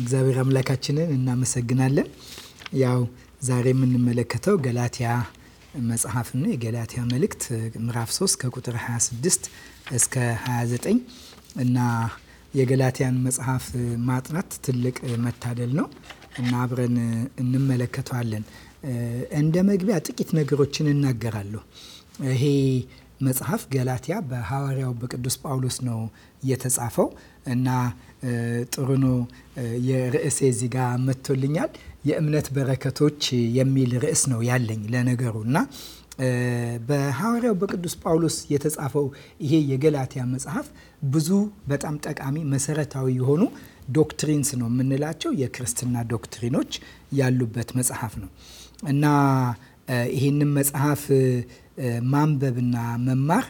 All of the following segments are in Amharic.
እግዚአብሔር አምላካችንን እናመሰግናለን። ያው ዛሬ የምንመለከተው ገላትያ መጽሐፍ ነው። የገላትያ መልእክት ምዕራፍ 3 ከቁጥር 26 እስከ 29 እና የገላትያን መጽሐፍ ማጥናት ትልቅ መታደል ነው እና አብረን እንመለከተዋለን። እንደ መግቢያ ጥቂት ነገሮችን እናገራለሁ። ይሄ መጽሐፍ ገላትያ በሐዋርያው በቅዱስ ጳውሎስ ነው የተጻፈው እና ጥሩ ነው። የርዕሴ እዚህ ጋር መጥቶልኛል። የእምነት በረከቶች የሚል ርዕስ ነው ያለኝ ለነገሩ እና በሐዋርያው በቅዱስ ጳውሎስ የተጻፈው ይሄ የገላትያ መጽሐፍ ብዙ በጣም ጠቃሚ መሰረታዊ የሆኑ ዶክትሪንስ ነው የምንላቸው የክርስትና ዶክትሪኖች ያሉበት መጽሐፍ ነው እና ይህንን መጽሐፍ ማንበብና መማር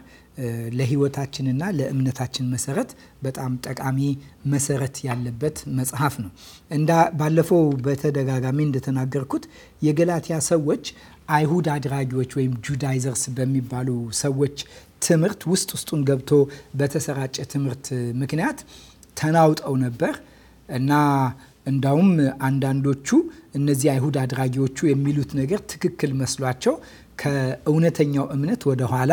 ለህይወታችንና ለእምነታችን መሰረት በጣም ጠቃሚ መሰረት ያለበት መጽሐፍ ነው። እንዳ ባለፈው በተደጋጋሚ እንደተናገርኩት የገላትያ ሰዎች አይሁድ አድራጊዎች ወይም ጁዳይዘርስ በሚባሉ ሰዎች ትምህርት ውስጥ ውስጡን ገብቶ በተሰራጨ ትምህርት ምክንያት ተናውጠው ነበር እና እንዳውም አንዳንዶቹ እነዚህ አይሁድ አድራጊዎቹ የሚሉት ነገር ትክክል መስሏቸው ከእውነተኛው እምነት ወደ ኋላ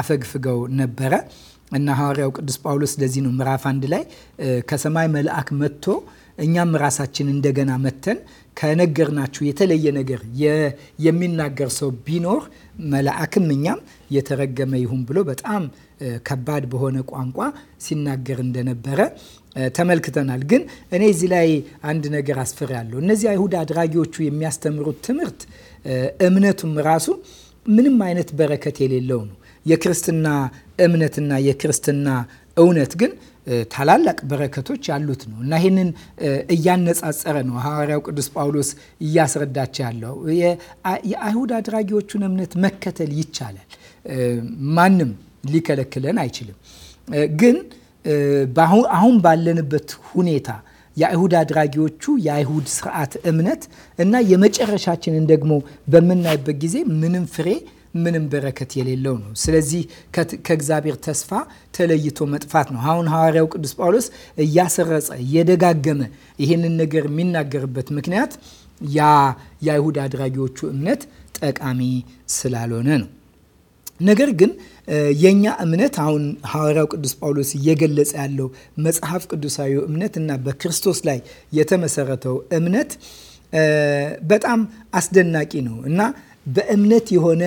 አፈግፍገው ነበረ እና ሐዋርያው ቅዱስ ጳውሎስ ለዚህ ነው ምዕራፍ አንድ ላይ ከሰማይ መልአክ መጥቶ እኛም ራሳችን እንደገና መተን ከነገርናችሁ የተለየ ነገር የሚናገር ሰው ቢኖር መልአክም እኛም የተረገመ ይሁን ብሎ በጣም ከባድ በሆነ ቋንቋ ሲናገር እንደነበረ ተመልክተናል። ግን እኔ እዚህ ላይ አንድ ነገር አስፍሬያለሁ። እነዚህ አይሁድ አድራጊዎቹ የሚያስተምሩት ትምህርት እምነቱም ራሱ ምንም አይነት በረከት የሌለው ነው። የክርስትና እምነትና የክርስትና እውነት ግን ታላላቅ በረከቶች ያሉት ነው እና ይህንን እያነጻጸረ ነው ሐዋርያው ቅዱስ ጳውሎስ እያስረዳቸው ያለው የአይሁድ አድራጊዎቹን እምነት መከተል ይቻላል ማንም ሊከለክለን አይችልም። ግን አሁን ባለንበት ሁኔታ የአይሁድ አድራጊዎቹ የአይሁድ ስርዓት እምነት እና የመጨረሻችንን ደግሞ በምናይበት ጊዜ ምንም ፍሬ ምንም በረከት የሌለው ነው። ስለዚህ ከእግዚአብሔር ተስፋ ተለይቶ መጥፋት ነው። አሁን ሐዋርያው ቅዱስ ጳውሎስ እያሰረጸ እየደጋገመ ይህንን ነገር የሚናገርበት ምክንያት ያ የአይሁድ አድራጊዎቹ እምነት ጠቃሚ ስላልሆነ ነው። ነገር ግን የእኛ እምነት አሁን ሐዋርያው ቅዱስ ጳውሎስ እየገለጸ ያለው መጽሐፍ ቅዱሳዊ እምነት እና በክርስቶስ ላይ የተመሰረተው እምነት በጣም አስደናቂ ነው እና በእምነት የሆነ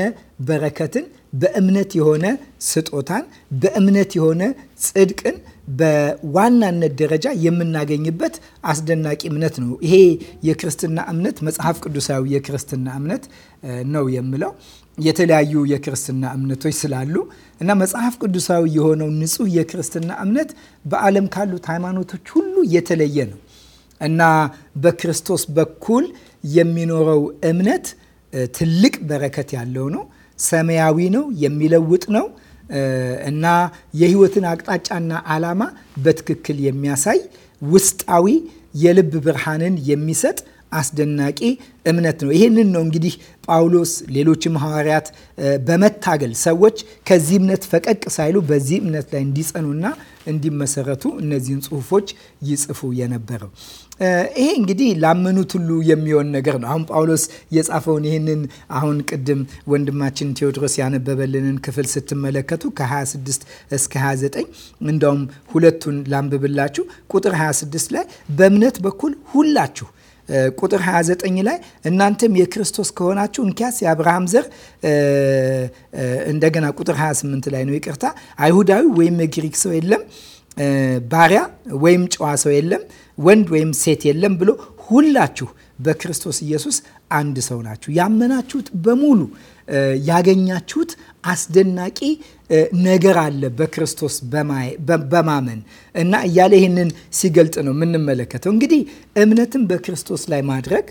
በረከትን፣ በእምነት የሆነ ስጦታን፣ በእምነት የሆነ ጽድቅን በዋናነት ደረጃ የምናገኝበት አስደናቂ እምነት ነው። ይሄ የክርስትና እምነት መጽሐፍ ቅዱሳዊ የክርስትና እምነት ነው የምለው የተለያዩ የክርስትና እምነቶች ስላሉ እና መጽሐፍ ቅዱሳዊ የሆነው ንጹህ የክርስትና እምነት በዓለም ካሉት ሃይማኖቶች ሁሉ የተለየ ነው እና በክርስቶስ በኩል የሚኖረው እምነት ትልቅ በረከት ያለው ነው። ሰማያዊ ነው፣ የሚለውጥ ነው እና የህይወትን አቅጣጫና ዓላማ በትክክል የሚያሳይ ውስጣዊ የልብ ብርሃንን የሚሰጥ አስደናቂ እምነት ነው። ይህንን ነው እንግዲህ ጳውሎስ፣ ሌሎችም ሐዋርያት በመታገል ሰዎች ከዚህ እምነት ፈቀቅ ሳይሉ በዚህ እምነት ላይ እንዲጸኑና እንዲመሰረቱ እነዚህን ጽሁፎች ይጽፉ የነበረው። ይሄ እንግዲህ ላመኑት ሁሉ የሚሆን ነገር ነው። አሁን ጳውሎስ የጻፈውን ይህንን አሁን ቅድም ወንድማችን ቴዎድሮስ ያነበበልንን ክፍል ስትመለከቱ ከ26 እስከ 29 እንዳውም ሁለቱን ላንብብላችሁ። ቁጥር 26 ላይ በእምነት በኩል ሁላችሁ ቁጥር 29 ላይ እናንተም የክርስቶስ ከሆናችሁ እንኪያስ የአብርሃም ዘር እንደገና ቁጥር 28 ላይ ነው ይቅርታ፣ አይሁዳዊ ወይም ግሪክ ሰው የለም፣ ባሪያ ወይም ጨዋ ሰው የለም፣ ወንድ ወይም ሴት የለም ብሎ ሁላችሁ በክርስቶስ ኢየሱስ አንድ ሰው ናችሁ። ያመናችሁት በሙሉ ያገኛችሁት አስደናቂ ነገር አለ በክርስቶስ በማመን እና እያለ ይህንን ሲገልጥ ነው የምንመለከተው። እንግዲህ እምነትን በክርስቶስ ላይ ማድረግ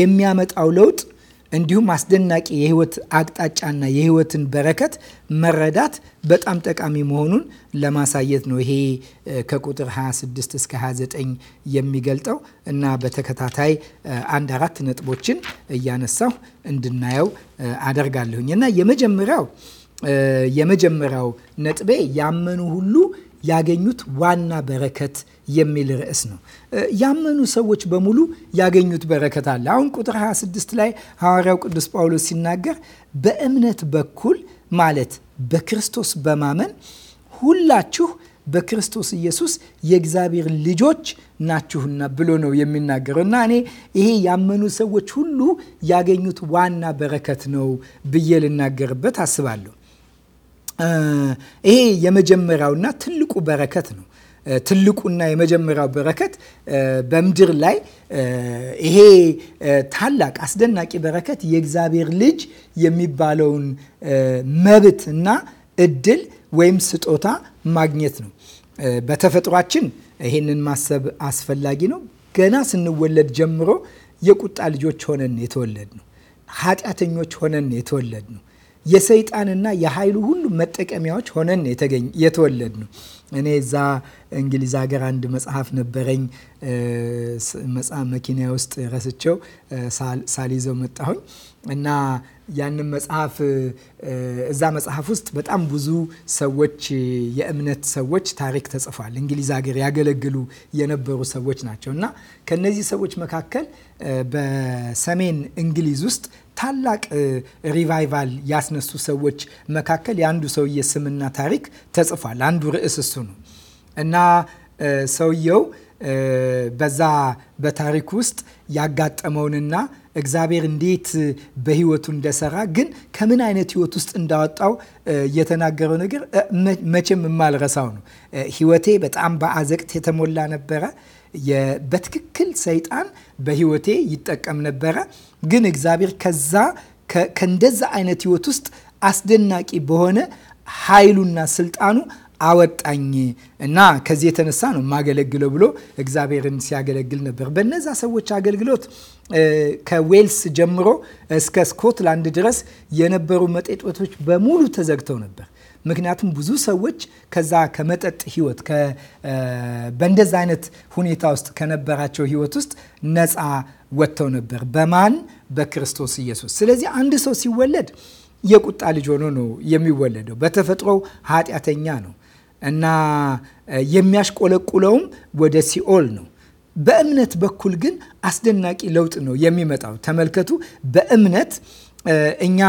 የሚያመጣው ለውጥ እንዲሁም አስደናቂ የህይወት አቅጣጫና የህይወትን በረከት መረዳት በጣም ጠቃሚ መሆኑን ለማሳየት ነው። ይሄ ከቁጥር 26 እስከ 29 የሚገልጠው እና በተከታታይ አንድ አራት ነጥቦችን እያነሳሁ እንድናየው አደርጋለሁኝ እና የመጀመሪያው የመጀመሪያው ነጥቤ ያመኑ ሁሉ ያገኙት ዋና በረከት የሚል ርዕስ ነው። ያመኑ ሰዎች በሙሉ ያገኙት በረከት አለ። አሁን ቁጥር 26 ላይ ሐዋርያው ቅዱስ ጳውሎስ ሲናገር በእምነት በኩል ማለት በክርስቶስ በማመን ሁላችሁ በክርስቶስ ኢየሱስ የእግዚአብሔር ልጆች ናችሁና ብሎ ነው የሚናገረው። እና እኔ ይሄ ያመኑ ሰዎች ሁሉ ያገኙት ዋና በረከት ነው ብዬ ልናገርበት አስባለሁ። ይሄ የመጀመሪያውና ትልቁ በረከት ነው። ትልቁና የመጀመሪያው በረከት በምድር ላይ ይሄ ታላቅ አስደናቂ በረከት የእግዚአብሔር ልጅ የሚባለውን መብት እና እድል ወይም ስጦታ ማግኘት ነው። በተፈጥሯችን ይሄንን ማሰብ አስፈላጊ ነው። ገና ስንወለድ ጀምሮ የቁጣ ልጆች ሆነን የተወለድ ነው። ኃጢአተኞች ሆነን የተወለድ ነው። የሰይጣንና የኃይሉ ሁሉ መጠቀሚያዎች ሆነን የተገኝ የተወለድ ነው። እኔ እዛ እንግሊዝ ሀገር አንድ መጽሐፍ ነበረኝ። መጽሐፍ መኪና ውስጥ ረስቸው ሳልይዘው መጣሁኝ እና ያንን መጽሐፍ እዛ መጽሐፍ ውስጥ በጣም ብዙ ሰዎች የእምነት ሰዎች ታሪክ ተጽፏል። እንግሊዝ ሀገር ያገለግሉ የነበሩ ሰዎች ናቸው እና ከነዚህ ሰዎች መካከል በሰሜን እንግሊዝ ውስጥ ታላቅ ሪቫይቫል ያስነሱ ሰዎች መካከል የአንዱ ሰውዬ ስምና ታሪክ ተጽፏል። አንዱ ርዕስ እሱ ነው እና ሰውየው በዛ በታሪክ ውስጥ ያጋጠመውንና እግዚአብሔር እንዴት በህይወቱ እንደሰራ ግን ከምን አይነት ህይወት ውስጥ እንዳወጣው የተናገረው ነገር መቼም የማልረሳው ነው። ህይወቴ በጣም በአዘቅት የተሞላ ነበረ። በትክክል ሰይጣን በህይወቴ ይጠቀም ነበረ። ግን እግዚአብሔር ከዛ ከእንደዛ አይነት ህይወት ውስጥ አስደናቂ በሆነ ኃይሉና ስልጣኑ አወጣኝ እና ከዚህ የተነሳ ነው የማገለግለው ብሎ እግዚአብሔርን ሲያገለግል ነበር። በነዛ ሰዎች አገልግሎት ከዌልስ ጀምሮ እስከ ስኮትላንድ ድረስ የነበሩ መጠጦቶች በሙሉ ተዘግተው ነበር። ምክንያቱም ብዙ ሰዎች ከዛ ከመጠጥ ህይወት በእንደዛ አይነት ሁኔታ ውስጥ ከነበራቸው ህይወት ውስጥ ነፃ ወጥተው ነበር። በማን በክርስቶስ ኢየሱስ። ስለዚህ አንድ ሰው ሲወለድ የቁጣ ልጅ ሆኖ ነው የሚወለደው። በተፈጥሮ ኃጢአተኛ ነው እና የሚያሽቆለቁለውም ወደ ሲኦል ነው። በእምነት በኩል ግን አስደናቂ ለውጥ ነው የሚመጣው። ተመልከቱ በእምነት እኛ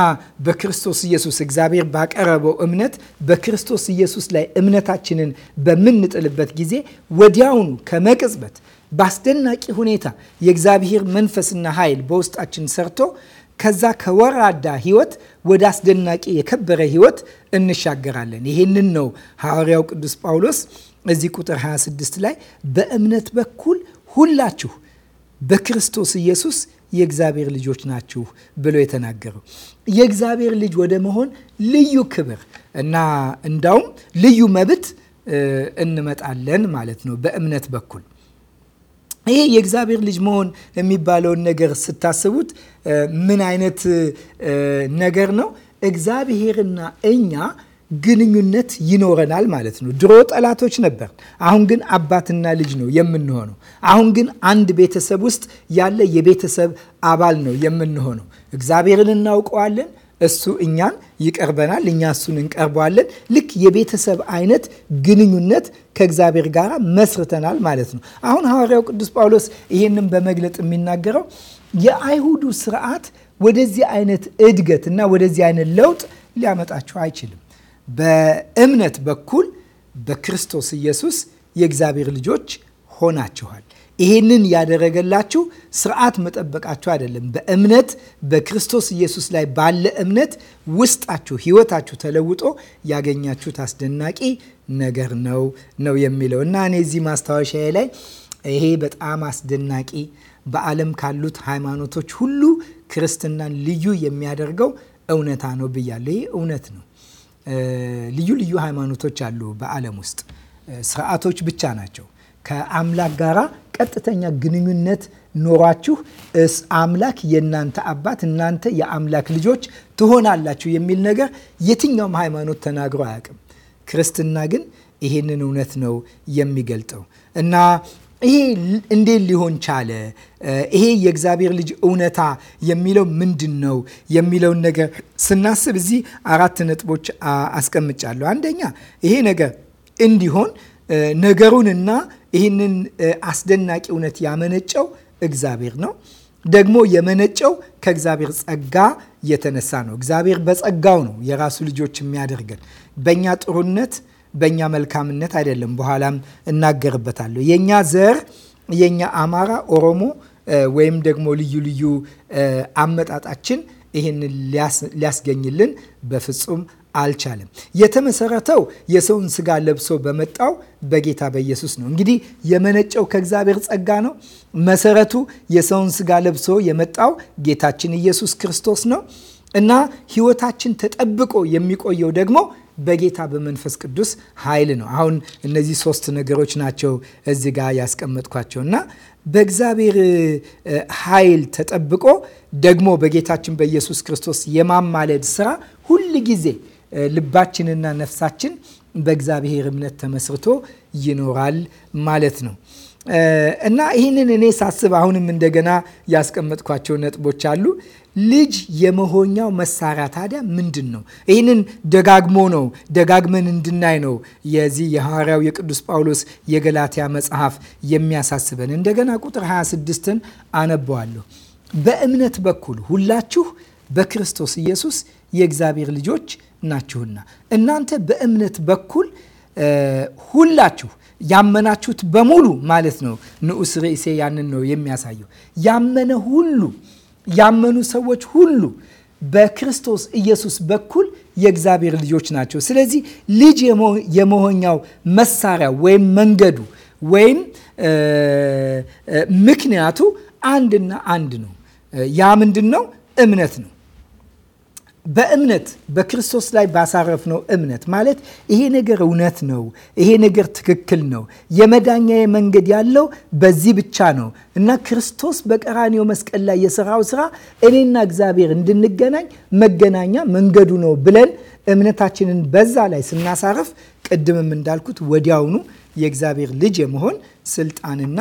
በክርስቶስ ኢየሱስ እግዚአብሔር ባቀረበው እምነት በክርስቶስ ኢየሱስ ላይ እምነታችንን በምንጥልበት ጊዜ ወዲያውኑ ከመቅጽበት በአስደናቂ ሁኔታ የእግዚአብሔር መንፈስና ኃይል በውስጣችን ሰርቶ ከዛ ከወራዳ ህይወት ወደ አስደናቂ የከበረ ህይወት እንሻገራለን። ይሄንን ነው ሐዋርያው ቅዱስ ጳውሎስ እዚህ ቁጥር 26 ላይ በእምነት በኩል ሁላችሁ በክርስቶስ ኢየሱስ የእግዚአብሔር ልጆች ናችሁ ብሎ የተናገረው የእግዚአብሔር ልጅ ወደ መሆን ልዩ ክብር እና እንዳውም ልዩ መብት እንመጣለን ማለት ነው በእምነት በኩል። ይሄ የእግዚአብሔር ልጅ መሆን የሚባለውን ነገር ስታስቡት ምን አይነት ነገር ነው? እግዚአብሔርና እኛ ግንኙነት ይኖረናል ማለት ነው። ድሮ ጠላቶች ነበር፣ አሁን ግን አባትና ልጅ ነው የምንሆነው። አሁን ግን አንድ ቤተሰብ ውስጥ ያለ የቤተሰብ አባል ነው የምንሆነው። እግዚአብሔርን እናውቀዋለን፣ እሱ እኛን ይቀርበናል፣ እኛ እሱን እንቀርበዋለን። ልክ የቤተሰብ አይነት ግንኙነት ከእግዚአብሔር ጋር መስርተናል ማለት ነው። አሁን ሐዋርያው ቅዱስ ጳውሎስ ይህንን በመግለጥ የሚናገረው የአይሁዱ ስርዓት ወደዚህ አይነት እድገት እና ወደዚህ አይነት ለውጥ ሊያመጣቸው አይችልም። በእምነት በኩል በክርስቶስ ኢየሱስ የእግዚአብሔር ልጆች ሆናችኋል። ይሄንን ያደረገላችሁ ስርዓት መጠበቃችሁ አይደለም። በእምነት በክርስቶስ ኢየሱስ ላይ ባለ እምነት ውስጣችሁ ህይወታችሁ ተለውጦ ያገኛችሁት አስደናቂ ነገር ነው ነው የሚለው እና እኔ እዚህ ማስታወሻዬ ላይ ይሄ በጣም አስደናቂ በዓለም ካሉት ሃይማኖቶች ሁሉ ክርስትናን ልዩ የሚያደርገው እውነታ ነው ብያለሁ። ይህ እውነት ነው። ልዩ ልዩ ሃይማኖቶች አሉ በዓለም ውስጥ ስርዓቶች ብቻ ናቸው። ከአምላክ ጋራ ቀጥተኛ ግንኙነት ኖሯችሁ አምላክ የእናንተ አባት እናንተ የአምላክ ልጆች ትሆናላችሁ የሚል ነገር የትኛውም ሃይማኖት ተናግሮ አያውቅም። ክርስትና ግን ይሄንን እውነት ነው የሚገልጠው እና ይሄ እንዴት ሊሆን ቻለ? ይሄ የእግዚአብሔር ልጅ እውነታ የሚለው ምንድን ነው የሚለውን ነገር ስናስብ እዚህ አራት ነጥቦች አስቀምጫለሁ። አንደኛ ይሄ ነገር እንዲሆን ነገሩንና ይህንን አስደናቂ እውነት ያመነጨው እግዚአብሔር ነው። ደግሞ የመነጨው ከእግዚአብሔር ጸጋ የተነሳ ነው። እግዚአብሔር በጸጋው ነው የራሱ ልጆች የሚያደርገን በእኛ ጥሩነት በእኛ መልካምነት አይደለም። በኋላም እናገርበታለሁ። የእኛ ዘር የእኛ አማራ፣ ኦሮሞ ወይም ደግሞ ልዩ ልዩ አመጣጣችን ይህንን ሊያስገኝልን በፍጹም አልቻለም። የተመሰረተው የሰውን ስጋ ለብሶ በመጣው በጌታ በኢየሱስ ነው። እንግዲህ የመነጨው ከእግዚአብሔር ጸጋ ነው። መሰረቱ የሰውን ስጋ ለብሶ የመጣው ጌታችን ኢየሱስ ክርስቶስ ነው እና ህይወታችን ተጠብቆ የሚቆየው ደግሞ በጌታ በመንፈስ ቅዱስ ኃይል ነው። አሁን እነዚህ ሶስት ነገሮች ናቸው እዚህ ጋር ያስቀመጥኳቸው እና በእግዚአብሔር ኃይል ተጠብቆ ደግሞ በጌታችን በኢየሱስ ክርስቶስ የማማለድ ስራ ሁል ጊዜ ልባችንና ነፍሳችን በእግዚአብሔር እምነት ተመስርቶ ይኖራል ማለት ነው። እና ይህንን እኔ ሳስብ አሁንም እንደገና ያስቀመጥኳቸው ነጥቦች አሉ። ልጅ የመሆኛው መሳሪያ ታዲያ ምንድን ነው? ይህንን ደጋግሞ ነው ደጋግመን እንድናይ ነው የዚህ የሐዋርያው የቅዱስ ጳውሎስ የገላትያ መጽሐፍ የሚያሳስበን። እንደገና ቁጥር 26ን አነበዋለሁ። በእምነት በኩል ሁላችሁ በክርስቶስ ኢየሱስ የእግዚአብሔር ልጆች ናችሁና እናንተ በእምነት በኩል ሁላችሁ ያመናችሁት በሙሉ ማለት ነው። ንዑስ ርዕሴ ያንን ነው የሚያሳየው። ያመነ ሁሉ ያመኑ ሰዎች ሁሉ በክርስቶስ ኢየሱስ በኩል የእግዚአብሔር ልጆች ናቸው። ስለዚህ ልጅ የመሆኛው መሳሪያ ወይም መንገዱ ወይም ምክንያቱ አንድና አንድ ነው። ያ ምንድን ነው? እምነት ነው። በእምነት በክርስቶስ ላይ ባሳረፍነው እምነት ማለት ይሄ ነገር እውነት ነው፣ ይሄ ነገር ትክክል ነው፣ የመዳኛዬ መንገድ ያለው በዚህ ብቻ ነው እና ክርስቶስ በቀራኔው መስቀል ላይ የሰራው ስራ እኔና እግዚአብሔር እንድንገናኝ መገናኛ መንገዱ ነው ብለን እምነታችንን በዛ ላይ ስናሳርፍ ቅድምም እንዳልኩት ወዲያውኑ የእግዚአብሔር ልጅ የመሆን ስልጣንና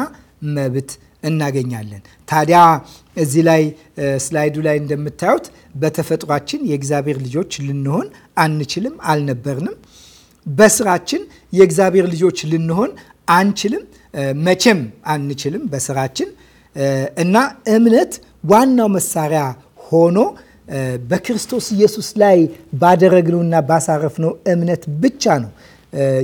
መብት እናገኛለን። ታዲያ እዚህ ላይ ስላይዱ ላይ እንደምታዩት በተፈጥሯችን የእግዚአብሔር ልጆች ልንሆን አንችልም፣ አልነበርንም። በስራችን የእግዚአብሔር ልጆች ልንሆን አንችልም፣ መቼም አንችልም በስራችን እና እምነት ዋናው መሳሪያ ሆኖ በክርስቶስ ኢየሱስ ላይ ባደረግነውና ባሳረፍነው እምነት ብቻ ነው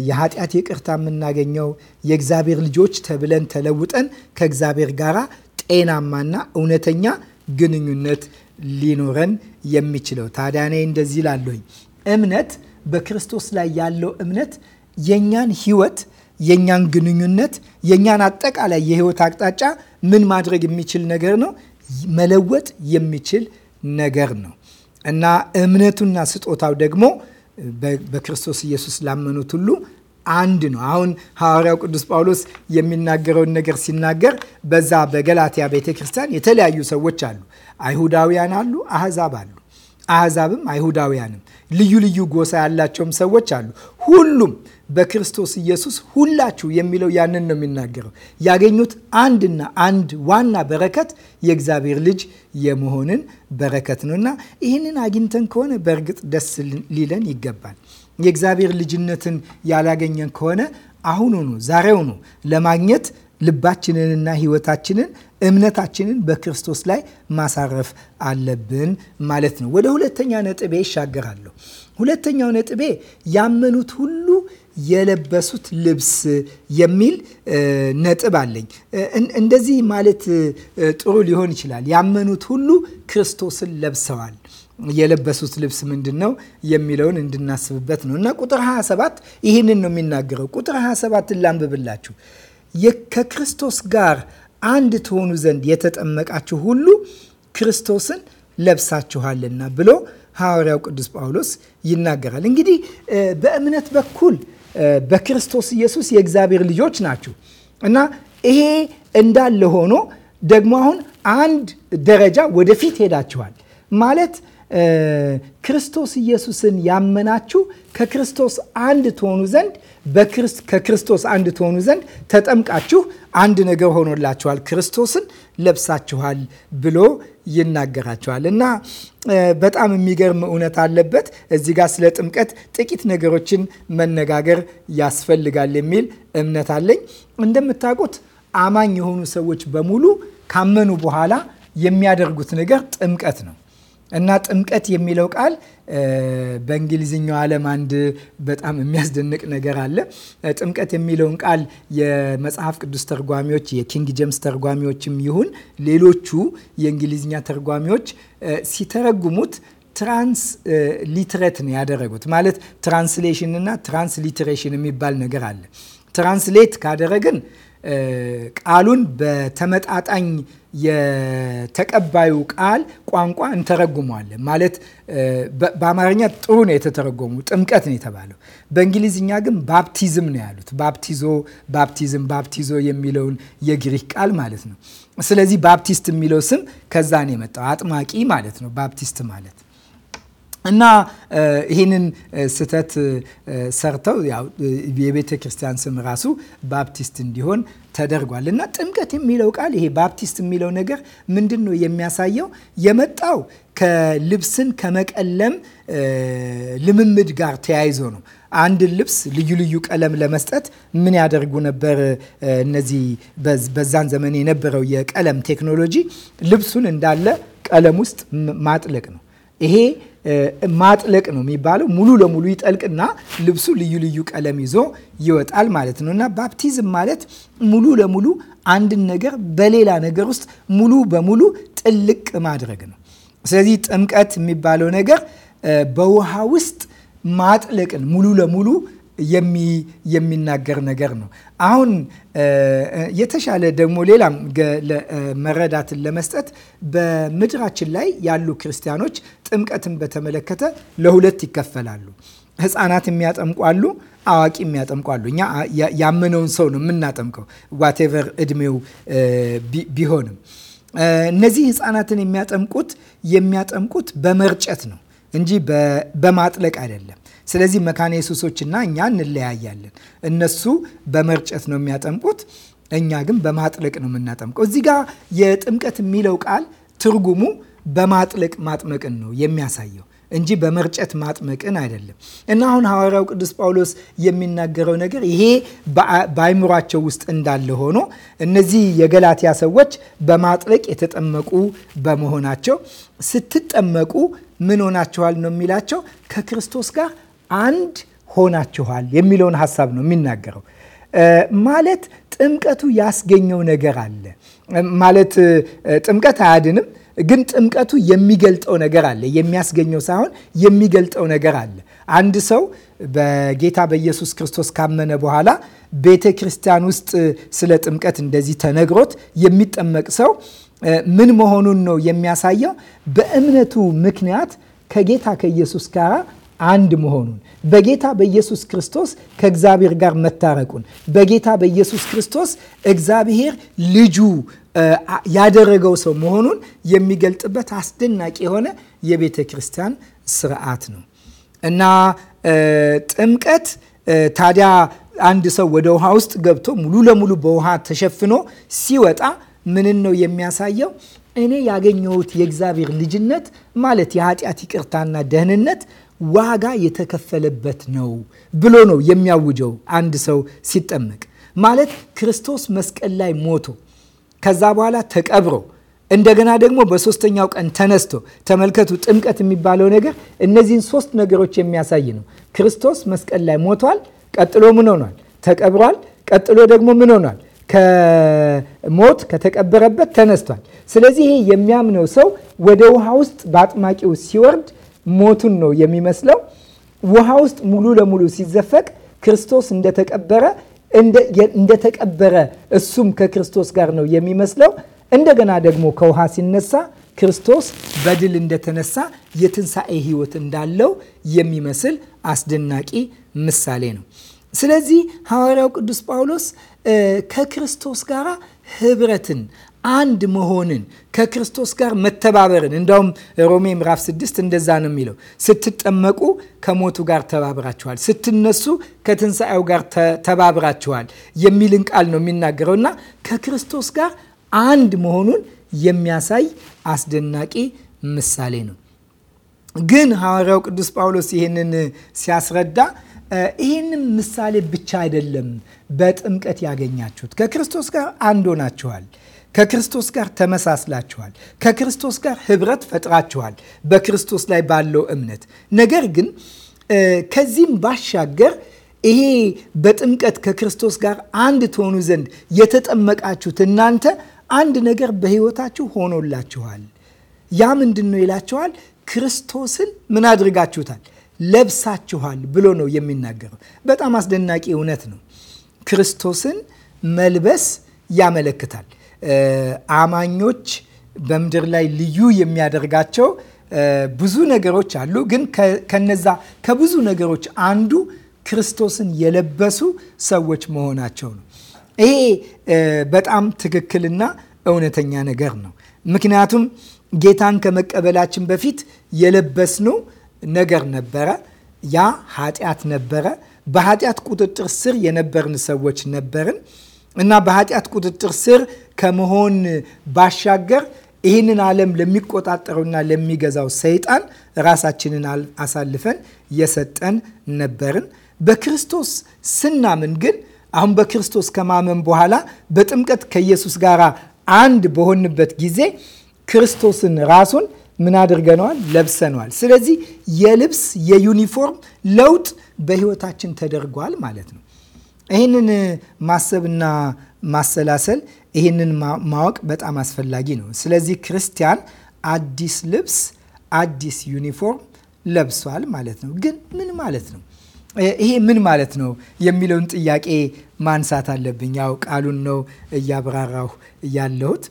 የኃጢአት ይቅርታ የምናገኘው የእግዚአብሔር ልጆች ተብለን ተለውጠን ከእግዚአብሔር ጋር ጤናማና እውነተኛ ግንኙነት ሊኖረን የሚችለው። ታዲያ እኔ እንደዚህ ላለኝ እምነት በክርስቶስ ላይ ያለው እምነት የእኛን ህይወት የእኛን ግንኙነት የእኛን አጠቃላይ የህይወት አቅጣጫ ምን ማድረግ የሚችል ነገር ነው፣ መለወጥ የሚችል ነገር ነው እና እምነቱና ስጦታው ደግሞ በክርስቶስ ኢየሱስ ላመኑት ሁሉ አንድ ነው። አሁን ሐዋርያው ቅዱስ ጳውሎስ የሚናገረውን ነገር ሲናገር በዛ በገላትያ ቤተ ክርስቲያን የተለያዩ ሰዎች አሉ። አይሁዳውያን አሉ፣ አህዛብ አሉ። አህዛብም አይሁዳውያንም ልዩ ልዩ ጎሳ ያላቸውም ሰዎች አሉ። ሁሉም በክርስቶስ ኢየሱስ ሁላችሁ የሚለው ያንን ነው የሚናገረው። ያገኙት አንድና አንድ ዋና በረከት የእግዚአብሔር ልጅ የመሆንን በረከት ነው እና ይህንን አግኝተን ከሆነ በእርግጥ ደስ ሊለን ይገባል። የእግዚአብሔር ልጅነትን ያላገኘን ከሆነ አሁኑኑ ዛሬውኑ ለማግኘት ልባችንንና ሕይወታችንን እምነታችንን በክርስቶስ ላይ ማሳረፍ አለብን ማለት ነው። ወደ ሁለተኛ ነጥቤ ይሻገራለሁ። ሁለተኛው ነጥቤ ያመኑት ሁሉ የለበሱት ልብስ የሚል ነጥብ አለኝ። እንደዚህ ማለት ጥሩ ሊሆን ይችላል። ያመኑት ሁሉ ክርስቶስን ለብሰዋል። የለበሱት ልብስ ምንድን ነው የሚለውን እንድናስብበት ነው እና ቁጥር 27 ይህንን ነው የሚናገረው። ቁጥር 27 ላንብብላችሁ። ከክርስቶስ ጋር አንድ ትሆኑ ዘንድ የተጠመቃችሁ ሁሉ ክርስቶስን ለብሳችኋልና ብሎ ሐዋርያው ቅዱስ ጳውሎስ ይናገራል። እንግዲህ በእምነት በኩል በክርስቶስ ኢየሱስ የእግዚአብሔር ልጆች ናችሁ እና ይሄ እንዳለ ሆኖ ደግሞ አሁን አንድ ደረጃ ወደፊት ሄዳችኋል ማለት ክርስቶስ ኢየሱስን ያመናችሁ ከክርስቶስ አንድ ትሆኑ ዘንድ ከክርስቶስ አንድ ትሆኑ ዘንድ ተጠምቃችሁ አንድ ነገር ሆኖላችኋል፣ ክርስቶስን ለብሳችኋል ብሎ ይናገራችኋል እና በጣም የሚገርም እውነት አለበት። እዚህ ጋር ስለ ጥምቀት ጥቂት ነገሮችን መነጋገር ያስፈልጋል የሚል እምነት አለኝ። እንደምታውቁት አማኝ የሆኑ ሰዎች በሙሉ ካመኑ በኋላ የሚያደርጉት ነገር ጥምቀት ነው። እና ጥምቀት የሚለው ቃል በእንግሊዝኛው ዓለም አንድ በጣም የሚያስደንቅ ነገር አለ። ጥምቀት የሚለውን ቃል የመጽሐፍ ቅዱስ ተርጓሚዎች የኪንግ ጄምስ ተርጓሚዎችም ይሁን ሌሎቹ የእንግሊዝኛ ተርጓሚዎች ሲተረጉሙት ትራንስ ሊትሬት ነው ያደረጉት። ማለት ትራንስሌሽን እና ትራንስ ሊትሬሽን የሚባል ነገር አለ። ትራንስሌት ካደረግን ቃሉን በተመጣጣኝ የተቀባዩ ቃል ቋንቋ እንተረጉመዋለን። ማለት በአማርኛ ጥሩ ነው የተተረጎሙ ጥምቀት ነው የተባለው። በእንግሊዝኛ ግን ባፕቲዝም ነው ያሉት። ባፕቲዞ፣ ባፕቲዝም፣ ባፕቲዞ የሚለውን የግሪክ ቃል ማለት ነው። ስለዚህ ባፕቲስት የሚለው ስም ከዛ ነው የመጣው። አጥማቂ ማለት ነው ባፕቲስት ማለት እና ይህንን ስህተት ሰርተው የቤተ ክርስቲያን ስም ራሱ ባፕቲስት እንዲሆን ተደርጓል። እና ጥምቀት የሚለው ቃል ይሄ ባፕቲስት የሚለው ነገር ምንድን ነው የሚያሳየው? የመጣው ከልብስን ከመቀለም ልምምድ ጋር ተያይዞ ነው። አንድን ልብስ ልዩ ልዩ ቀለም ለመስጠት ምን ያደርጉ ነበር? እነዚህ በዛን ዘመን የነበረው የቀለም ቴክኖሎጂ ልብሱን እንዳለ ቀለም ውስጥ ማጥለቅ ነው። ይሄ ማጥለቅ ነው የሚባለው። ሙሉ ለሙሉ ይጠልቅና ልብሱ ልዩ ልዩ ቀለም ይዞ ይወጣል ማለት ነው እና ባፕቲዝም ማለት ሙሉ ለሙሉ አንድን ነገር በሌላ ነገር ውስጥ ሙሉ በሙሉ ጥልቅ ማድረግ ነው። ስለዚህ ጥምቀት የሚባለው ነገር በውሃ ውስጥ ማጥለቅን ሙሉ ለሙሉ የሚናገር ነገር ነው። አሁን የተሻለ ደግሞ ሌላም መረዳትን ለመስጠት በምድራችን ላይ ያሉ ክርስቲያኖች ጥምቀትን በተመለከተ ለሁለት ይከፈላሉ። ህፃናት የሚያጠምቋሉ፣ አዋቂ የሚያጠምቋሉ። እኛ ያመነውን ሰው ነው የምናጠምቀው ዋቴቨር እድሜው ቢሆንም እነዚህ ህፃናትን የሚያጠምቁት የሚያጠምቁት በመርጨት ነው እንጂ በማጥለቅ አይደለም። ስለዚህ መካነ ኢየሱሶችና እኛ እንለያያለን። እነሱ በመርጨት ነው የሚያጠምቁት፣ እኛ ግን በማጥለቅ ነው የምናጠምቀው። እዚህ ጋር የጥምቀት የሚለው ቃል ትርጉሙ በማጥለቅ ማጥመቅን ነው የሚያሳየው እንጂ በመርጨት ማጥመቅን አይደለም። እና አሁን ሐዋርያው ቅዱስ ጳውሎስ የሚናገረው ነገር ይሄ በአይምሯቸው ውስጥ እንዳለ ሆኖ እነዚህ የገላትያ ሰዎች በማጥለቅ የተጠመቁ በመሆናቸው ስትጠመቁ ምን ሆናችኋል ነው የሚላቸው ከክርስቶስ ጋር አንድ ሆናችኋል የሚለውን ሀሳብ ነው የሚናገረው። ማለት ጥምቀቱ ያስገኘው ነገር አለ ማለት ጥምቀት አያድንም፣ ግን ጥምቀቱ የሚገልጠው ነገር አለ። የሚያስገኘው ሳይሆን የሚገልጠው ነገር አለ። አንድ ሰው በጌታ በኢየሱስ ክርስቶስ ካመነ በኋላ ቤተ ክርስቲያን ውስጥ ስለ ጥምቀት እንደዚህ ተነግሮት የሚጠመቅ ሰው ምን መሆኑን ነው የሚያሳየው። በእምነቱ ምክንያት ከጌታ ከኢየሱስ ጋር አንድ መሆኑን በጌታ በኢየሱስ ክርስቶስ ከእግዚአብሔር ጋር መታረቁን በጌታ በኢየሱስ ክርስቶስ እግዚአብሔር ልጁ ያደረገው ሰው መሆኑን የሚገልጥበት አስደናቂ የሆነ የቤተ ክርስቲያን ስርዓት ነው እና ጥምቀት ታዲያ አንድ ሰው ወደ ውሃ ውስጥ ገብቶ ሙሉ ለሙሉ በውሃ ተሸፍኖ ሲወጣ ምንን ነው የሚያሳየው? እኔ ያገኘሁት የእግዚአብሔር ልጅነት ማለት የኃጢአት ይቅርታና ደህንነት ዋጋ የተከፈለበት ነው ብሎ ነው የሚያውጀው አንድ ሰው ሲጠመቅ። ማለት ክርስቶስ መስቀል ላይ ሞቶ ከዛ በኋላ ተቀብሮ እንደገና ደግሞ በሶስተኛው ቀን ተነስቶ፣ ተመልከቱ ጥምቀት የሚባለው ነገር እነዚህን ሶስት ነገሮች የሚያሳይ ነው። ክርስቶስ መስቀል ላይ ሞቷል፣ ቀጥሎ ምን ሆኗል? ተቀብሯል። ቀጥሎ ደግሞ ምን ሆኗል? ከሞት ከተቀበረበት ተነስቷል። ስለዚህ ይሄ የሚያምነው ሰው ወደ ውሃ ውስጥ በአጥማቂው ሲወርድ ሞቱን ነው የሚመስለው። ውሃ ውስጥ ሙሉ ለሙሉ ሲዘፈቅ ክርስቶስ እንደተቀበረ እንደተቀበረ እሱም ከክርስቶስ ጋር ነው የሚመስለው። እንደገና ደግሞ ከውሃ ሲነሳ ክርስቶስ በድል እንደተነሳ የትንሣኤ ሕይወት እንዳለው የሚመስል አስደናቂ ምሳሌ ነው። ስለዚህ ሐዋርያው ቅዱስ ጳውሎስ ከክርስቶስ ጋር ህብረትን፣ አንድ መሆንን ከክርስቶስ ጋር መተባበርን እንዳውም ሮሜ ምዕራፍ 6 እንደዛ ነው የሚለው። ስትጠመቁ ከሞቱ ጋር ተባብራችኋል፣ ስትነሱ ከትንሣኤው ጋር ተባብራችኋል የሚልን ቃል ነው የሚናገረው እና ከክርስቶስ ጋር አንድ መሆኑን የሚያሳይ አስደናቂ ምሳሌ ነው። ግን ሐዋርያው ቅዱስ ጳውሎስ ይህንን ሲያስረዳ ይህንም ምሳሌ ብቻ አይደለም በጥምቀት ያገኛችሁት ከክርስቶስ ጋር አንድ ሆናችኋል ከክርስቶስ ጋር ተመሳስላችኋል። ከክርስቶስ ጋር ህብረት ፈጥራችኋል በክርስቶስ ላይ ባለው እምነት። ነገር ግን ከዚህም ባሻገር ይሄ በጥምቀት ከክርስቶስ ጋር አንድ ትሆኑ ዘንድ የተጠመቃችሁት እናንተ አንድ ነገር በህይወታችሁ ሆኖላችኋል። ያ ምንድን ነው ይላችኋል? ክርስቶስን ምን አድርጋችሁታል? ለብሳችኋል ብሎ ነው የሚናገረው። በጣም አስደናቂ እውነት ነው። ክርስቶስን መልበስ ያመለክታል። አማኞች በምድር ላይ ልዩ የሚያደርጋቸው ብዙ ነገሮች አሉ። ግን ከነዛ ከብዙ ነገሮች አንዱ ክርስቶስን የለበሱ ሰዎች መሆናቸው ነው። ይሄ በጣም ትክክልና እውነተኛ ነገር ነው። ምክንያቱም ጌታን ከመቀበላችን በፊት የለበስነው ነገር ነበረ። ያ ኃጢአት ነበረ። በኃጢአት ቁጥጥር ስር የነበርን ሰዎች ነበርን እና በኃጢአት ቁጥጥር ስር ከመሆን ባሻገር ይህንን ዓለም ለሚቆጣጠረውና ለሚገዛው ሰይጣን ራሳችንን አሳልፈን የሰጠን ነበርን። በክርስቶስ ስናምን ግን አሁን በክርስቶስ ከማመን በኋላ በጥምቀት ከኢየሱስ ጋር አንድ በሆንበት ጊዜ ክርስቶስን ራሱን ምን አድርገነዋል? ለብሰነዋል። ስለዚህ የልብስ የዩኒፎርም ለውጥ በህይወታችን ተደርጓል ማለት ነው። ይህንን ማሰብና ማሰላሰል ይህንን ማወቅ በጣም አስፈላጊ ነው። ስለዚህ ክርስቲያን አዲስ ልብስ፣ አዲስ ዩኒፎርም ለብሷል ማለት ነው። ግን ምን ማለት ነው? ይሄ ምን ማለት ነው የሚለውን ጥያቄ ማንሳት አለብኝ። ያው ቃሉን ነው እያብራራሁ ያለሁት።